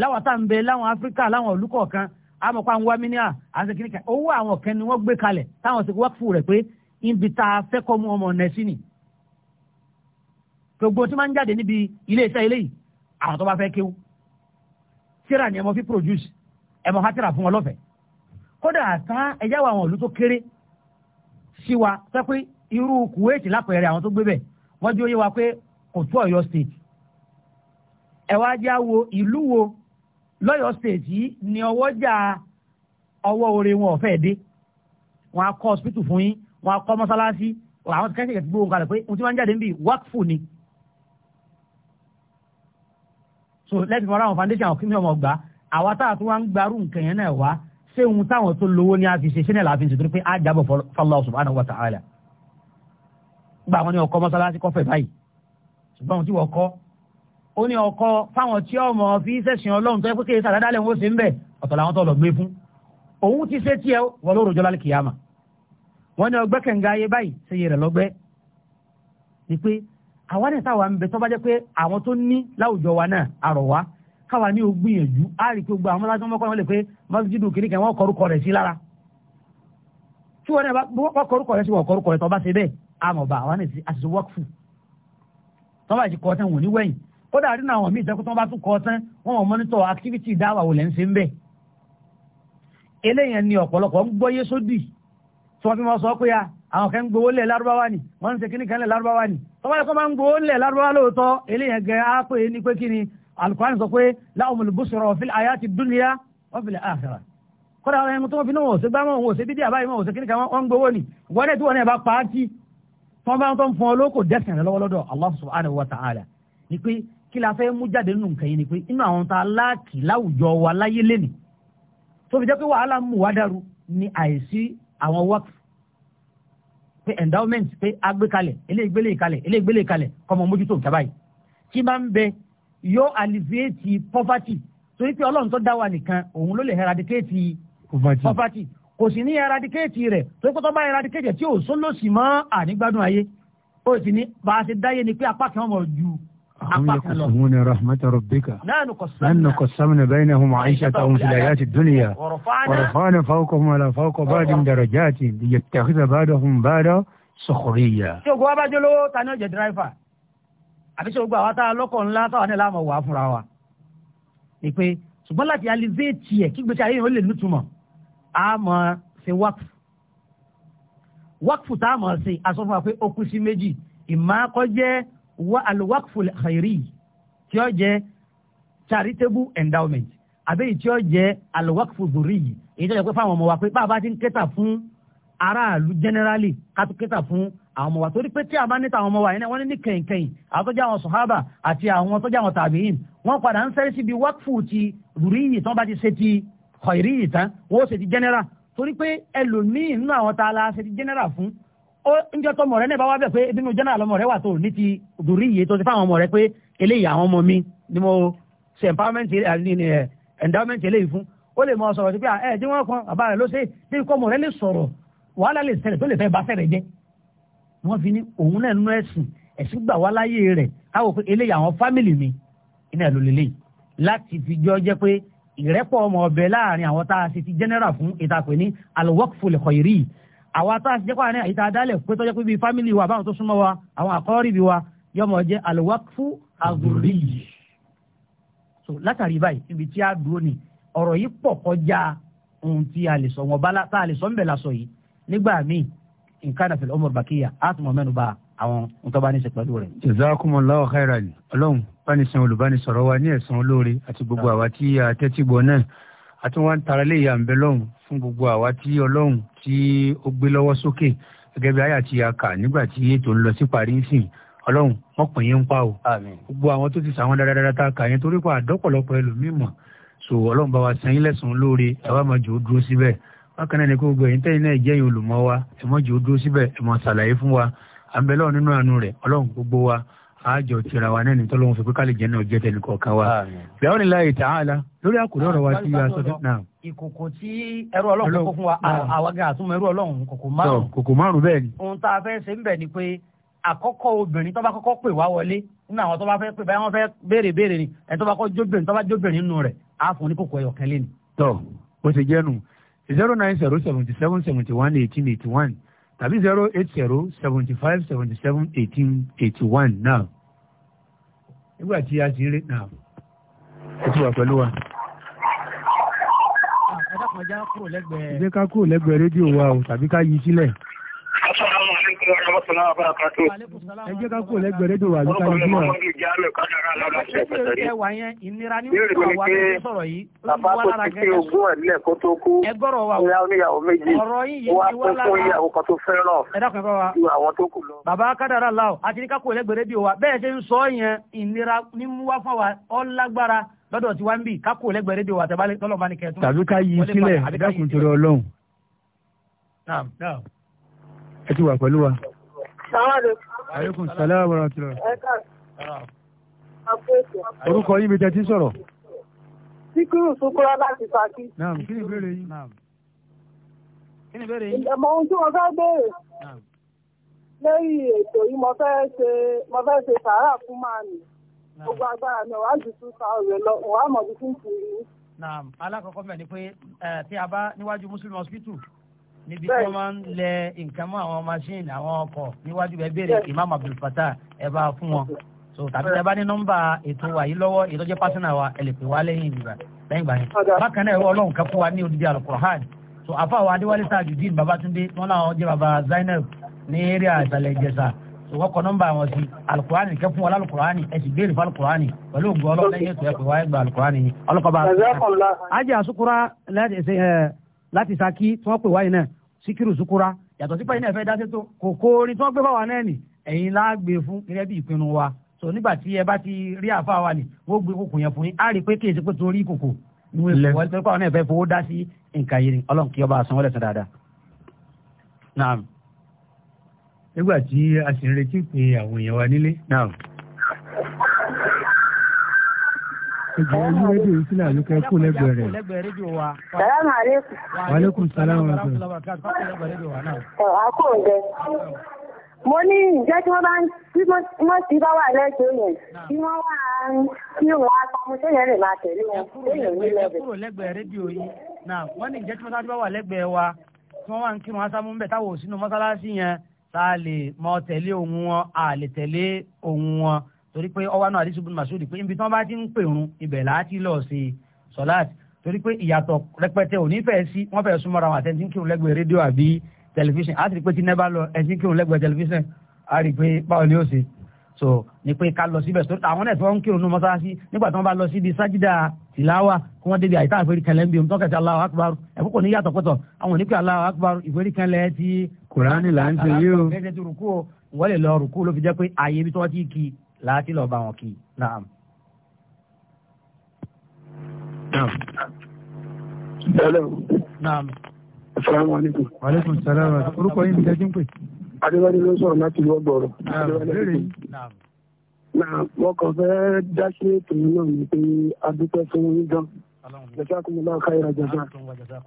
láwọn tá ń bẹ láwọn áfíríkà láwọn olùkọ̀ọ̀kan á mọ̀ pa àwọn wá mí ní à àti kìnìkan owó àwọn kan wọ́n gbé kalẹ̀ táwọn sì wákfù rẹ̀ pé ibi tá a fẹ́ kọ́ mú ọmọ ọ̀nà ni gbogbo tí máa ń jáde níbi ilé iṣẹ́ ilé àwọn tó bá fẹ́ kéwú tíra ni ẹ mọ fi produce ẹ mọ hátìrà fún wọn lọ́fẹ̀ẹ́ kódà àtàn ẹ̀yà wa àwọn ìlú tó kéré sí wa sọ pé irú Kuwait lápẹẹrẹ àwọn tó gbé bẹ̀ wọ́n jẹ́ oyé wa pé kò tó Ọ̀yọ́ state ẹ wá wo ìlú wo lọ́yọ̀ state yìí ni ọwọ́jà ọwọ́ oore wọn ọ̀fẹ́ dé wọn á kọ́ hospital fún yín wọn akọ́ mọ́sálásí àwọn kẹ́sì kẹ́sì gbóhùn kalẹ̀ pé ohun tí wọ́n jáde ń bì wákfù ni. so lẹ́sìn fún aráwọn foundation àwọn kíni ọmọ ọgbà àwa táà tó wá ń gbarú nǹkan yẹn náà wá ṣé ohun táwọn tó lówó ní àfi ṣe ṣé náà láàfin ṣètò pé á jábọ̀ fọlọ́ subhanahu wa ta'ala gba àwọn ní ọkọ mọ́sálásí kọ́fẹ̀ báyìí ṣùgbọ́n ohun tí wọ́n kọ́ ó ní ọkọ fáwọn tí ọmọ fi sẹ̀sìn ọlọ́run tó yẹ pé wọ́n ní ọgbẹ́ kẹ̀ǹgà ayé báyìí ṣe yẹrẹ lọ́gbẹ́ ni pé àwa náà táwa ń bẹ tó bá jẹ́ pé àwọn tó ní láwùjọ wa náà àrọ̀ wa káwa ní o gbìyànjú á rí i pé gbogbo àwọn mọ́tò mọ́kọ́ wọn lè pé mọ́sídìdù kìíní kan wọ́n kọrúkọ rẹ̀ sí lára tí wọ́n náà wọ́n kọrúkọ rẹ̀ sí wọ́n kọrúkọ rẹ̀ tó bá ṣe bẹ́ẹ̀ àmọ̀ bá àwa náà sì àṣìṣe wọ́ọ̀kù tó bá ṣe kọ́ tán wọ́n ní wẹ̀yìn kódà àdínà àwọn míì tẹ́kọ́ bá tún kọ́ tán wọ́n wọ́n mọ́nítọ̀ activity dáwà wò lẹ́ ń ṣe ń bẹ́ẹ̀ eléyẹn ni ọ̀pọ̀lọpọ̀ ń gbọ́yé sódì tí wọ́n fi mọ́ sọ pé ya àwọn kan ń gbowó lẹ̀ lárúbáwá ni wọ́n ń ṣe kíní kan lẹ̀ lárúbáwá ni tọ́wọ́ yẹ kó máa ń gbowó lẹ̀ lárúbáwá lóòótọ́ eléyẹn gẹ á pé ní pé kíni alukurani sọ pé lahumul busra wa fil hayati dunya wa fil akhirah kódà àwọn ẹni tó wọ́n fi náà wọ́n ṣe gbámọ̀ wọ́n ṣe bídí àbáyé wọ́n ṣe kíní kan wọ́n ń gbowó ni wọ́n dẹ̀ tí wọ́n náà bá pa á tí tọ́ ni àìsí àwọn work pé endowment pé agbékalẹ̀ eléègbélé ìkalẹ̀ eléègbélé ìkalẹ̀ kọmọ mójútó nǹkan báyìí tí bá ń bẹ yóò alleviate poverty torí pé ọlọ́run tó dá wa nìkan òun ló lè eradicate poverty kò sì ní eradicate rẹ̀ torí pé tó bá eradicate tí ò sólòsì mọ́ ànígbádùn ayé ó sì ní bá a ṣe dáyé ni pé apá kan mọ̀ ju يقسمون رحمة ربك أن قسمنا بينهم عيشتهم في الحياة الدنيا ورفعنا فوقهم على فوق بعض درجات ليتخذ بعضهم بعضا سخرية ṣògo wa bá jẹ́ lówó ta ni ó jẹ́ dírẹ́fà àbí ṣògo àwa tá a lọ́kọ̀ ńlá táwa ní láàmú wà fúnra wa ni pé ṣùgbọ́n láti alizé tiẹ̀ kí gbèsè ayé yẹn ó lè nítumọ̀ a máa ṣe wákfù wákfù tá a máa ṣe aṣọ pé ó kú sí méjì ìmọ̀ akọ́jẹ́ wa alwakful khairi tí ó jẹ́ charitable endowment àbẹ́yìí tí ó jẹ́ alwakfu zuri yìí èyí tó yẹ pé fáwọn ọmọ wa pé bá a bá ti ń kẹta fún aráàlú generally ká tó kẹta fún àwọn ọmọ wa torí pé tí a bá níta àwọn ọmọ wa yẹn wọ́n ní ní kẹ̀yìnkẹ̀yìn àwọn tó jẹ́ àwọn sọ̀hábà àti àwọn tó jẹ́ àwọn tàbíìn wọ́n padà ń sẹ́rí síbi wakfu ti zuri yìí tí wọ́n bá ti ṣe ti khairi yìí tán wọ́n ó ṣe ti general torí pé ẹlòmíì nínú àwọn tá a la ṣe ti general fún ó ń jẹ́ tọmọ rẹ náà bá wá bẹ̀ pé ibi mo jẹ́nà àlọ́mọ rẹ wà tó ní ti dùrí yìí tó ti fáwọn ọmọ rẹ pé eléyìí àwọn ọmọ mi ni mo ṣe empowerment eh, eh, endowment eléyìí fún ó lè mọ sọ̀rọ̀ sí pé ẹ ah, eh, dín wọn kan bàbá rẹ ló ṣe bí kò mọ̀ rẹ lè sọ̀rọ̀ wàhálà lè ṣẹlẹ̀ tó lè fẹ́ bá fẹ́rẹ̀ jẹ́ wọ́n fi ní òun náà nú ẹ̀sìn ẹ̀sìn gbà wá láyé rẹ̀ káwọ́ pé eléyìí àwọn fámìlì mi iná ẹ̀ lélẹ̀ láti fi jọ jẹ́ pé ìrẹ́pọ̀ ọmọ ọbẹ̀ láàrin àwọn tá a ṣe ti general fún ìtàpẹ́ ní alwakful khoiri àwa tá a ṣe jẹ́kọ̀ọ́ àárín àyíká adálẹ̀ pé tọ́jọ́ pé bíi fámìlì wa àbáwọn tó súnmọ́ wa àwọn àkọ́rìbì wa yọmọ jẹ́ alwaqfu àgùrí so látàrí báyìí ibi tí a dúró ni ọ̀rọ̀ yìí pọ̀ kọjá ohun tí a lè sọ wọn bá tá a lè sọ ńbẹ̀ la sọ yìí nígbà míì nǹkan àfẹ́ ọmọọ̀rọ̀ bàkíyà á tún mọ̀ mẹ́nu bá àwọn nǹkan bá ní í ṣe pẹ̀lú rẹ̀. jazakumullahu khairan ọlọ́run bá àti wọn tara lè yà ń bẹ lọ́hùn fún gbogbo àwa tí ọlọ́hùn tí ó gbé lọ́wọ́ sókè gẹ́gẹ́ bí àyà tí a kà nígbà tí ètò ń lọ sí parí sìn ọlọ́hùn wọn pè yín ń pa o gbogbo àwọn tó ti sàwọn dáradára ta kà yẹn torí pa àdọ́pọ̀lọpọ̀ ẹlòmíì mọ̀ so ọlọ́hùn bá wa san yín lẹ́sùn lóore àwa máa jò ó dúró síbẹ̀ bákan náà ni kó gbogbo ẹ̀yin tẹ́yìn náà jẹ́yìn olùmọ̀ àjọ tira wa náà ní tọ́lọ́wọ́n fi pé ká lè jẹ́ náà jẹ́ tẹ̀lé kọ̀ọ̀kan wa. bẹ́ẹ̀ ni láyé ta'ala lórí àkùrẹ́ ọ̀rọ̀ wa ah, tí a sọ fún náà. ìkòkò tí ẹrú ọlọ́run kò fún wa àwa gan àtúmọ̀ ẹrú ọlọ́run kòkò márùn. kòkò márùn bẹ́ẹ̀ ni. ohun tá a fẹ́ ṣe ń bẹ̀ ni pé àkọ́kọ́ obìnrin tó bá kọ́kọ́ pè wá wọlé nínú àwọn tó fẹ́ pè báyọ̀ fẹ́ béèrè béèrè ni ẹni zero nine zero seventy seventy one eighteen eighty one tàbí zero eight zero seventy five seventy seven eighteen eighty one now nígbà tí a ti rí now ẹ ti wà pẹ̀lú wa. Ah, ẹ jẹ́ ká kúrò lẹ́gbẹ̀ẹ́ rédíò wa o tàbí ká yí sílẹ̀ sọ́lá wa bára kàtó. ẹ jẹ́ ká kó lẹ́gbẹ̀ẹ́ rédíò wà ní káyọ̀ náà. ọkọ mi jẹ́ àmì kájà náà lọ́dọ̀ ṣe pẹ̀tẹ́ rí. ìrìn mi ni pé bàbá tó ti pé ogún ẹ̀ lẹ̀ kó tó kú ìyá oníyàwó méjì wá tó fún ìyàwó kan tó fẹ́ràn ju àwọn tó kù lọ. bàbá kádàrá la ọ àti ní ká kó lẹ́gbẹ̀ẹ́ rédíò wa bẹ́ẹ̀ ṣe ń sọ yẹn ìnira ní mú fún wa ọ lágbára lọ́dọ̀ tí wá ń bì ká kó lẹ́gbẹ̀ẹ́ rédíò wa tẹ́bálẹ̀ tọ́lọ̀ bá ní kẹ́ẹ̀tún. tàbí ká yí sílẹ̀ dákùn torí ọlọ́run. ẹ ti wà pẹ̀lú wa. Àríkùn sàlẹ́ àwọ̀rán tí lọ. Orúkọ yín bí tẹ́tí sọ̀rọ̀. Síkírù Súkúrá láti Fàkí. Naam, kí ni ìbéèrè yín? Naam. Kí ni ìbéèrè yín? Ìmọ̀ ohun tí mo fẹ́ béèrè. Naam. Lẹ́yìn ètò yìí, mo fẹ́ ṣe mo fẹ́ ṣe sàárà fún màá mi. Gbogbo agbára mi, wàá ju two thousand lọ, wàá mọ̀ bí kí n kì í. Naam, alákọ̀ọ́kọ́ mẹ́ ni pé tí a bá níwájú Muslim Hospital níbi tí wọ́n máa ń lẹ nǹkan mọ́ àwọn machine àwọn ọkọ̀ níwájú bẹ́ẹ̀ béèrè Imam Abdul Fatah ẹ bá fún wọn so tàbí tí a bá ní nọ́mbà ètò wa yìí lọ́wọ́ ètò jẹ́ pásínà wa ẹ lè pè wá lẹ́yìn ìgbà lẹ́yìn ìgbà yẹn bákan náà ẹ̀rọ ọlọ́run kan fún wa ní odidi alukur'an so afa wa adéwálé Tajudeen Babatunde wọn làwọn jẹ baba Zainab ní eré àìsàlẹ̀ Ìjẹ̀ṣà so wọ́n kọ nọ́mbà wọn sí alukur'an kẹ́ fún wa alukur'an ẹ sì béèrè fún alukur'an pẹ̀lú ògùn ọlọ́run lẹ́yìn ètò ẹ pè wá ẹgbẹ́ alukur'an yìí ọlọ́kọ̀ láti saki tí wọ́n pè wáyé náà síkírù sukura yàtọ̀ sípàyé náà fẹ́ dá sétò kòkó orin tí wọ́n gbé báwa náà nì ẹ̀yin la gbé fún gẹ́gẹ́ bí ìpinnu wa so nígbà tí ẹ bá ti rí àfa wa nì wọ́n gbé kòkò yẹn fún yín á rí i pé kí èsì pé torí kòkò ni wọ́n ti pàwọn náà fẹ́ fowó dá sí nǹkan yìí ni ọlọ́run kí ọba àsan wọlé sàn dáadáa. naam. nígbà tí a sì ń retí pé àwọn èèyàn wa nílé. naam ẹjọ ẹyí rédíò yìí sílẹ̀ àlùkẹ́ kó lẹ́gbẹ̀ẹ́ rẹ̀. salamu aleykum. wa aleykum salaam wa rahmatulah. ọ̀hà kò ń bẹ. mo ní ìjẹ́ tí wọ́n bá ń tí wọ́n ti bá wà lẹ́gbẹ̀ẹ́ yẹn tí wọ́n wà ń kí wọ́n á sọmú sẹ́yìn rẹ̀ máa tẹ̀lé wọn lẹ́yìn ní lẹ́gbẹ̀ẹ́. kúrò lẹ́gbẹ̀ẹ́ rédíò yìí náà wọ́n ní ìjẹ́ tí wọ́n bá wà lẹ́gbẹ̀ẹ́ wa tí wọ́n wà ń kí wọ́n á sámú ń bẹ̀ táwọn ò sínú mọ́sálásí yẹn tá a lè mọ tẹ̀lé òun wọn a lè tẹ̀lé òun wọn torí pé ọwọ́ náà àdìsí ibùdó màsúdì pé ibi tí wọ́n bá ti ń pèrun ibẹ̀ láti lọ sí sọ́láàt torí pé ìyàtọ̀ rẹpẹtẹ ò ní fẹ́ sí wọ́n fẹ́ súnmọ́ra wọn àtẹ́ntí kírun lẹ́gbẹ̀ẹ́ rédíò àbí tẹlifíṣàn á sì rí pé tí nẹ́bà lọ ẹ̀sìn kírun lẹ́gbẹ̀ẹ́ tẹlifíṣàn á rí pé báwo ni ó ṣe so ni pé ká lọ síbẹ̀ sórí àwọn náà tí wọ́n ń kírun ní mọ́sáàsì nígbà tí wọ́n bá lọ síbi sájídà tìláwà kí wọ́n débi àyíká àfẹ́rí kẹlẹ́ ń bí tọ́kẹ̀ sí Allahu akbar ẹ̀fọ́ kò ní yàtọ̀ pẹ̀tọ̀ àwọn oníkẹ́ Allahu akbar ìfẹ́rí kẹlẹ́ ti. kùránì là ń ṣe yìí o. kẹ́sẹ̀ ti rùkú o wọ́n lè lọ rùkú ló fi jẹ́ pé ààyè ibi tí wọ́n ti kì í láti lọ bá wọn kì í naam. Hello. Naam. Assalamu alaikum. Wa alaikum assalam. Orúkọ yìí ni Jẹ́jú ń pè. Adéwálé ló sọ̀rọ̀ láti ìlú ọgbọ̀rọ̀. Náà wọ́n kàn fẹ́ dá sí ètò náà ní pé a dúpẹ́ fún gan. Jazakumullahu khairan jaza.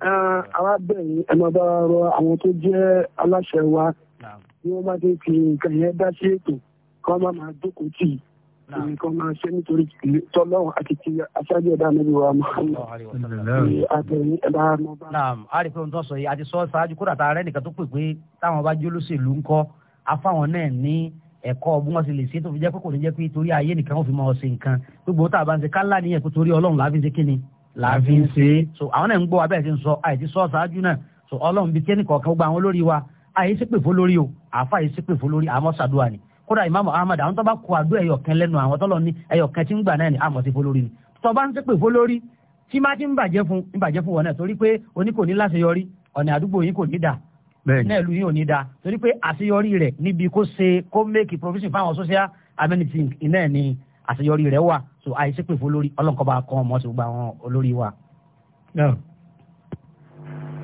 Ah, àwa bẹ̀rẹ̀ ẹ máa bá rọ àwọn tó jẹ́ aláṣẹ wa. Bí wọ́n bá ti fi nǹkan yẹn dá sí ètò kọ́ máa máa jókòó tì í nǹkan máa ṣe nítorí tọ́lọ́run àti ti aṣáájú ẹ̀dá níbi wa Muhammad a rí i pé ohun tó sọ yìí àti sọ ṣáájú kódà tá a rẹ́ nìkan tó pè pé táwọn bá jó lóṣèlú ń kọ́ afáwọn náà ní ẹ̀kọ́ bí wọ́n ṣe lè ṣe tó fi jẹ́ pé kò ní jẹ́ pé torí ayé nìkan wọ́n fi máa ṣe nǹkan gbogbo tá a bá ń ṣe kálá nìyẹn pé torí ọlọ́run láàfin ṣe kíni láàfin ṣe so àwọn náà ń gbọ́ abẹ́ẹ̀ ṣe ń sọ àìsí sọ ṣáájú náà so ọlọ́run bíi kẹ́nìkọ̀ọ̀kan gbogbo àwọn olórí wa àyè ṣépè fún lórí o àáfà yìí ṣépè fún lórí àmọ́ ṣàdúrà ni kódà imaamu ahmed àwọn tó bá kó àdó ẹyọkàn lẹ́nu àwọn tó lọ ní ẹyọkàn tí ń gbà náà ni àmọ̀ sí fọlórí ni tó bá ń ṣépè fọlórí tí má ti ń bàjẹ́ fún ń bàjẹ́ fún wọn náà torí pé oní kò ní láṣeyọrí ọ̀nà àdúgbò yín kò ní dà náà ìlú yín ò ní dà torí pé àṣeyọrí rẹ̀ níbi kó ṣe kó make provision fáwọn social amenities náà ni àṣeyọrí rẹ̀ wà so àìṣépè fọlórí ọlọ́nkọ́ba kan ọmọ sí gbogbo àwọn olórí wa.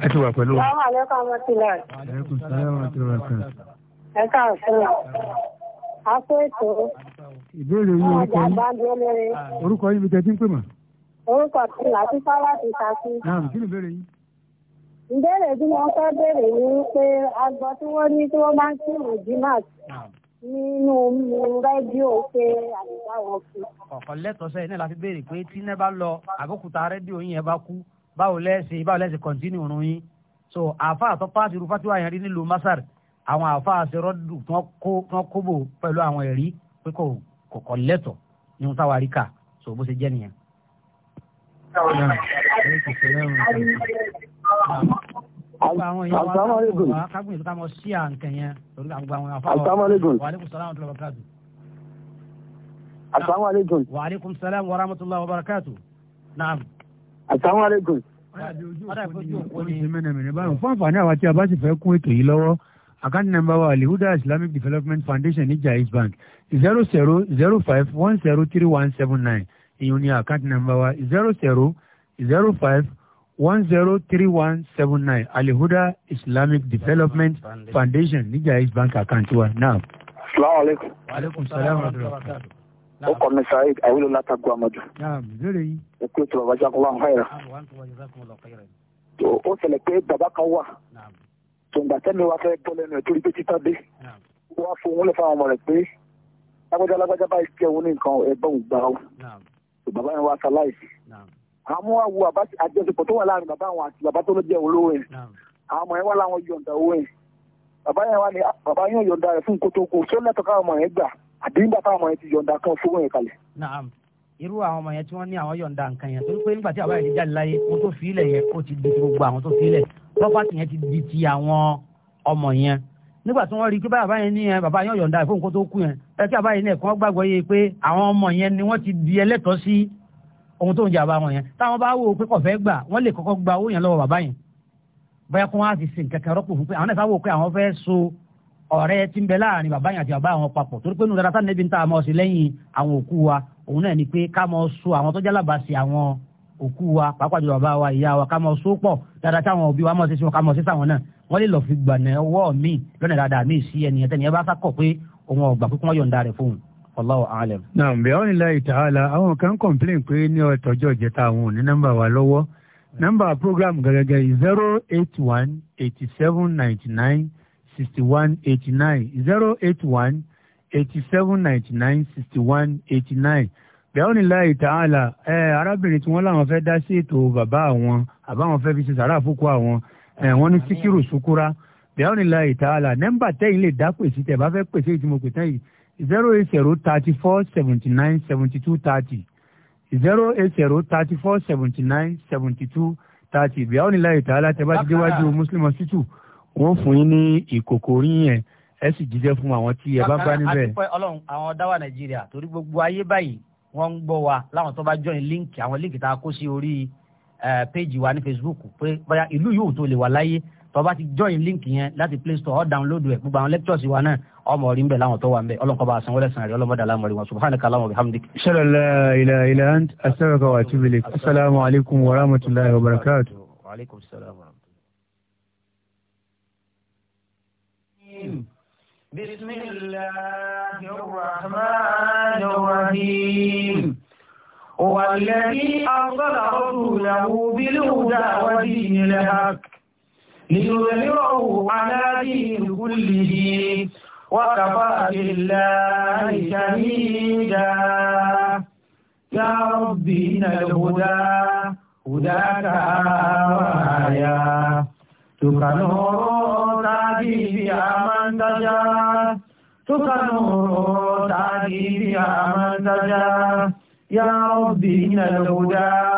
ẹ ti wà pẹ̀lú. ẹ káàsán afẹ́tọ̀ ìbéèrè yín orúkọ yín orúkọ yín bìtẹ́ tí ń pè mọ́. orúkọ tí láti sáwà ti sàkí. náà kí ni ìbéèrè yín. ìbéèrè tí wọ́n fẹ́ béèrè ni wípé agbọ tí wọ́n ní tí wọ́n máa ń kí regimat nínú rẹ́díò pé àdìgbà wọn kú. ọ̀kan lẹ́tọ̀ọ́ sẹ́yìn náà láti béèrè pé tí iná bá lọ àbókúta rédíò yín yẹn bá kú báwo lẹ́sìn báwo lẹ́sìn kọ̀ntínú òrùn yín so àáfàá tó pàṣẹ irú fatiwa yẹn rí nílùú masar àwọn àáfàá ṣerọ́dù tán kóbò pẹ̀lú àwọn ẹ̀rí pé kò kọ̀kọ́ lẹ́tọ̀ ní wọn táwa rí kà so bó ṣe jẹ́ nìyẹn. Asalaamualeykum. Kagbin ìlú ká mọ sí à nkàn yẹn torí àgbà àwọn afáwọn. Asalaamualeykum. Wa aleykum salaam wa rahmatulahi wa barakatu. Asalaamualeykum. Wa aleykum salaam wa rahmatulahi wa barakatu. Naam. Asalaamualeykum. Ọ̀dà ìfojú òkú ni. Fún àǹfààní àwa tí a bá sì fẹ́ kún ètò yìí lọ́wọ́ account number wa alihuda islamic development foundation ní bank zero zero zero five one zero three one seven nine ìyún ní account number wa zero zero zero five one zero three one seven nine alihuda islamic development foundation ní bank account wa now. salaamaleykum. aleykum salaam wa rahmatulah. ó kọ́ mi saheed awúlò látàgọ́ amadu. naam zero yìí. ẹ kúrò tí baba jacob ń fẹ́ rẹ̀. ó pé baba kan wà tòǹgbà tẹ́mi wa fẹ́ bọ́ lẹ́nu ẹ̀ torí pé títà dé wọ́n á fowó lẹ́fọ́ àwọn ọmọ rẹ̀ pé lágbájá lágbájá báyìí jẹ́ òun ní nǹkan ẹ̀gbọ́n ògbà o bàbá yẹn wá ṣaláìsí àmọ́ àwọ àjọṣepọ̀ tó wà láàrin bàbá àwọn àti bàbá tó ló jẹ́ olówó yẹn àwọn ọmọ yẹn wà láwọn yọ̀ǹda owó yẹn bàbá yẹn wà ní bàbá yẹn yọ̀ǹda rẹ̀ fún kótókó tó káwọn ọmọ yẹn gbà àdéhùn irú àwọn ọmọ yẹn tí wọ́n ní àwọn yọ̀ǹda nǹkan yẹn torí pé nígbà tí àwọn ẹ̀rí jáde láyé mo tó fi ilẹ̀ yẹn ó ti di ti gbogbo àwọn tó fi ilẹ̀ property yẹn ti di ti àwọn ọmọ yẹn nígbà tí wọ́n rí i pé bàbá yẹn ní yẹn bàbá yẹn yọ̀ǹda ìfowó nǹkan tó kú yẹn ẹ kí bàbá yẹn náà kọ́ gbàgbọ́ yẹ pé àwọn ọmọ yẹn ni wọ́n ti di ẹlẹ́tọ̀ọ́ sí ohun tó ń jà bá wọn yẹn táwọn bá wò ó pé kò gbà wọ́n lè kọ́kọ́ gba owó yẹn lọ́wọ́ bàbá òun náà ni pé ká mọ so àwọn tó jálàbà sí àwọn òkú wa pàápàá jùlọ bàbá wa ìyá wa ká mọ so pọ̀ dáadáa táwọn òbí wa mọ̀ sí wọn ká mọ̀ sí sáwọn náà wọ́n lè lọ fi gbànà ọwọ́ mi lọ́nà dáadáa mi sí ẹnìyàn tẹ́niyàn bá sákọ̀ pé òun ọ̀gbà pé kí wọ́n fóun Allahu a'lam. náà bí àwọn ìlà ìtàhálà àwọn kan complain pé ní ọ̀tọ̀jọ́ ìjẹta àwọn òní nọ́mbà wa lọ́wọ́ nọ́mbà program gẹ́gẹ́ zero eight one eighty seven ninety nine sixty one eighty nine zero eight one eighty seven ninety nine sixty one eighty nine bẹ́ẹ̀nìlá ìtàhálà ẹ arábìnrin tí wọ́n láwọn fẹ́ dá sí ètò bàbá àwọn àbáwọn fẹ́ fi ṣe sàrà àfúkú àwọn ẹ wọ́n ní síkírù sukura bẹ́ẹ̀nìlá ìtàhálà nẹ́mbà tẹ́yìn lè dá pèsè tẹ̀ bá fẹ́ pèsè ìtumọ̀ pèsè yìí zero eight zero thirty four seventy nine seventy two thirty zero eight zero thirty four seventy nine seventy two thirty bẹ́ẹ̀nìlá ìtàhálà tẹ́ bá ti déwájú muslim hospital wọ́n fún yín ní ìkòkò rí yẹn ẹ sì jíjẹ fún àwọn tí ẹ bá bá níbẹ̀. àti pé ọlọ́run àwọn dáwà nàìjíríà torí gbogbo ayé báyìí wọ́n ń gbọ́ wa láwọn tó bá join líǹkì àwọn líǹkì tá a kó sí orí péjì wa ní facebook pé bóyá ìlú yóò tó lè wà láyé tó bá ti join líǹkì yẹn láti play store ọ̀ download ẹ̀ gbogbo àwọn lectures wa náà ọmọ orí ń láwọn tó wà ń bẹ̀ ọlọ́run kó bá asanwó lẹ́sàn rẹ̀ ọlọ́mọdé alámọ̀rí wọn subhanaka allahumma wa bihamdik. بسم الله الرحمن الرحيم هو الذي أرسل رسوله بالهدى ودين الحق ليظهره على دين كله وكفى بالله شهيدا يا ربي إن الهدى هداك آوايا تك تهدي بها من تشاء تكنور تهدي بها من تشاء يا ربي إن الهدى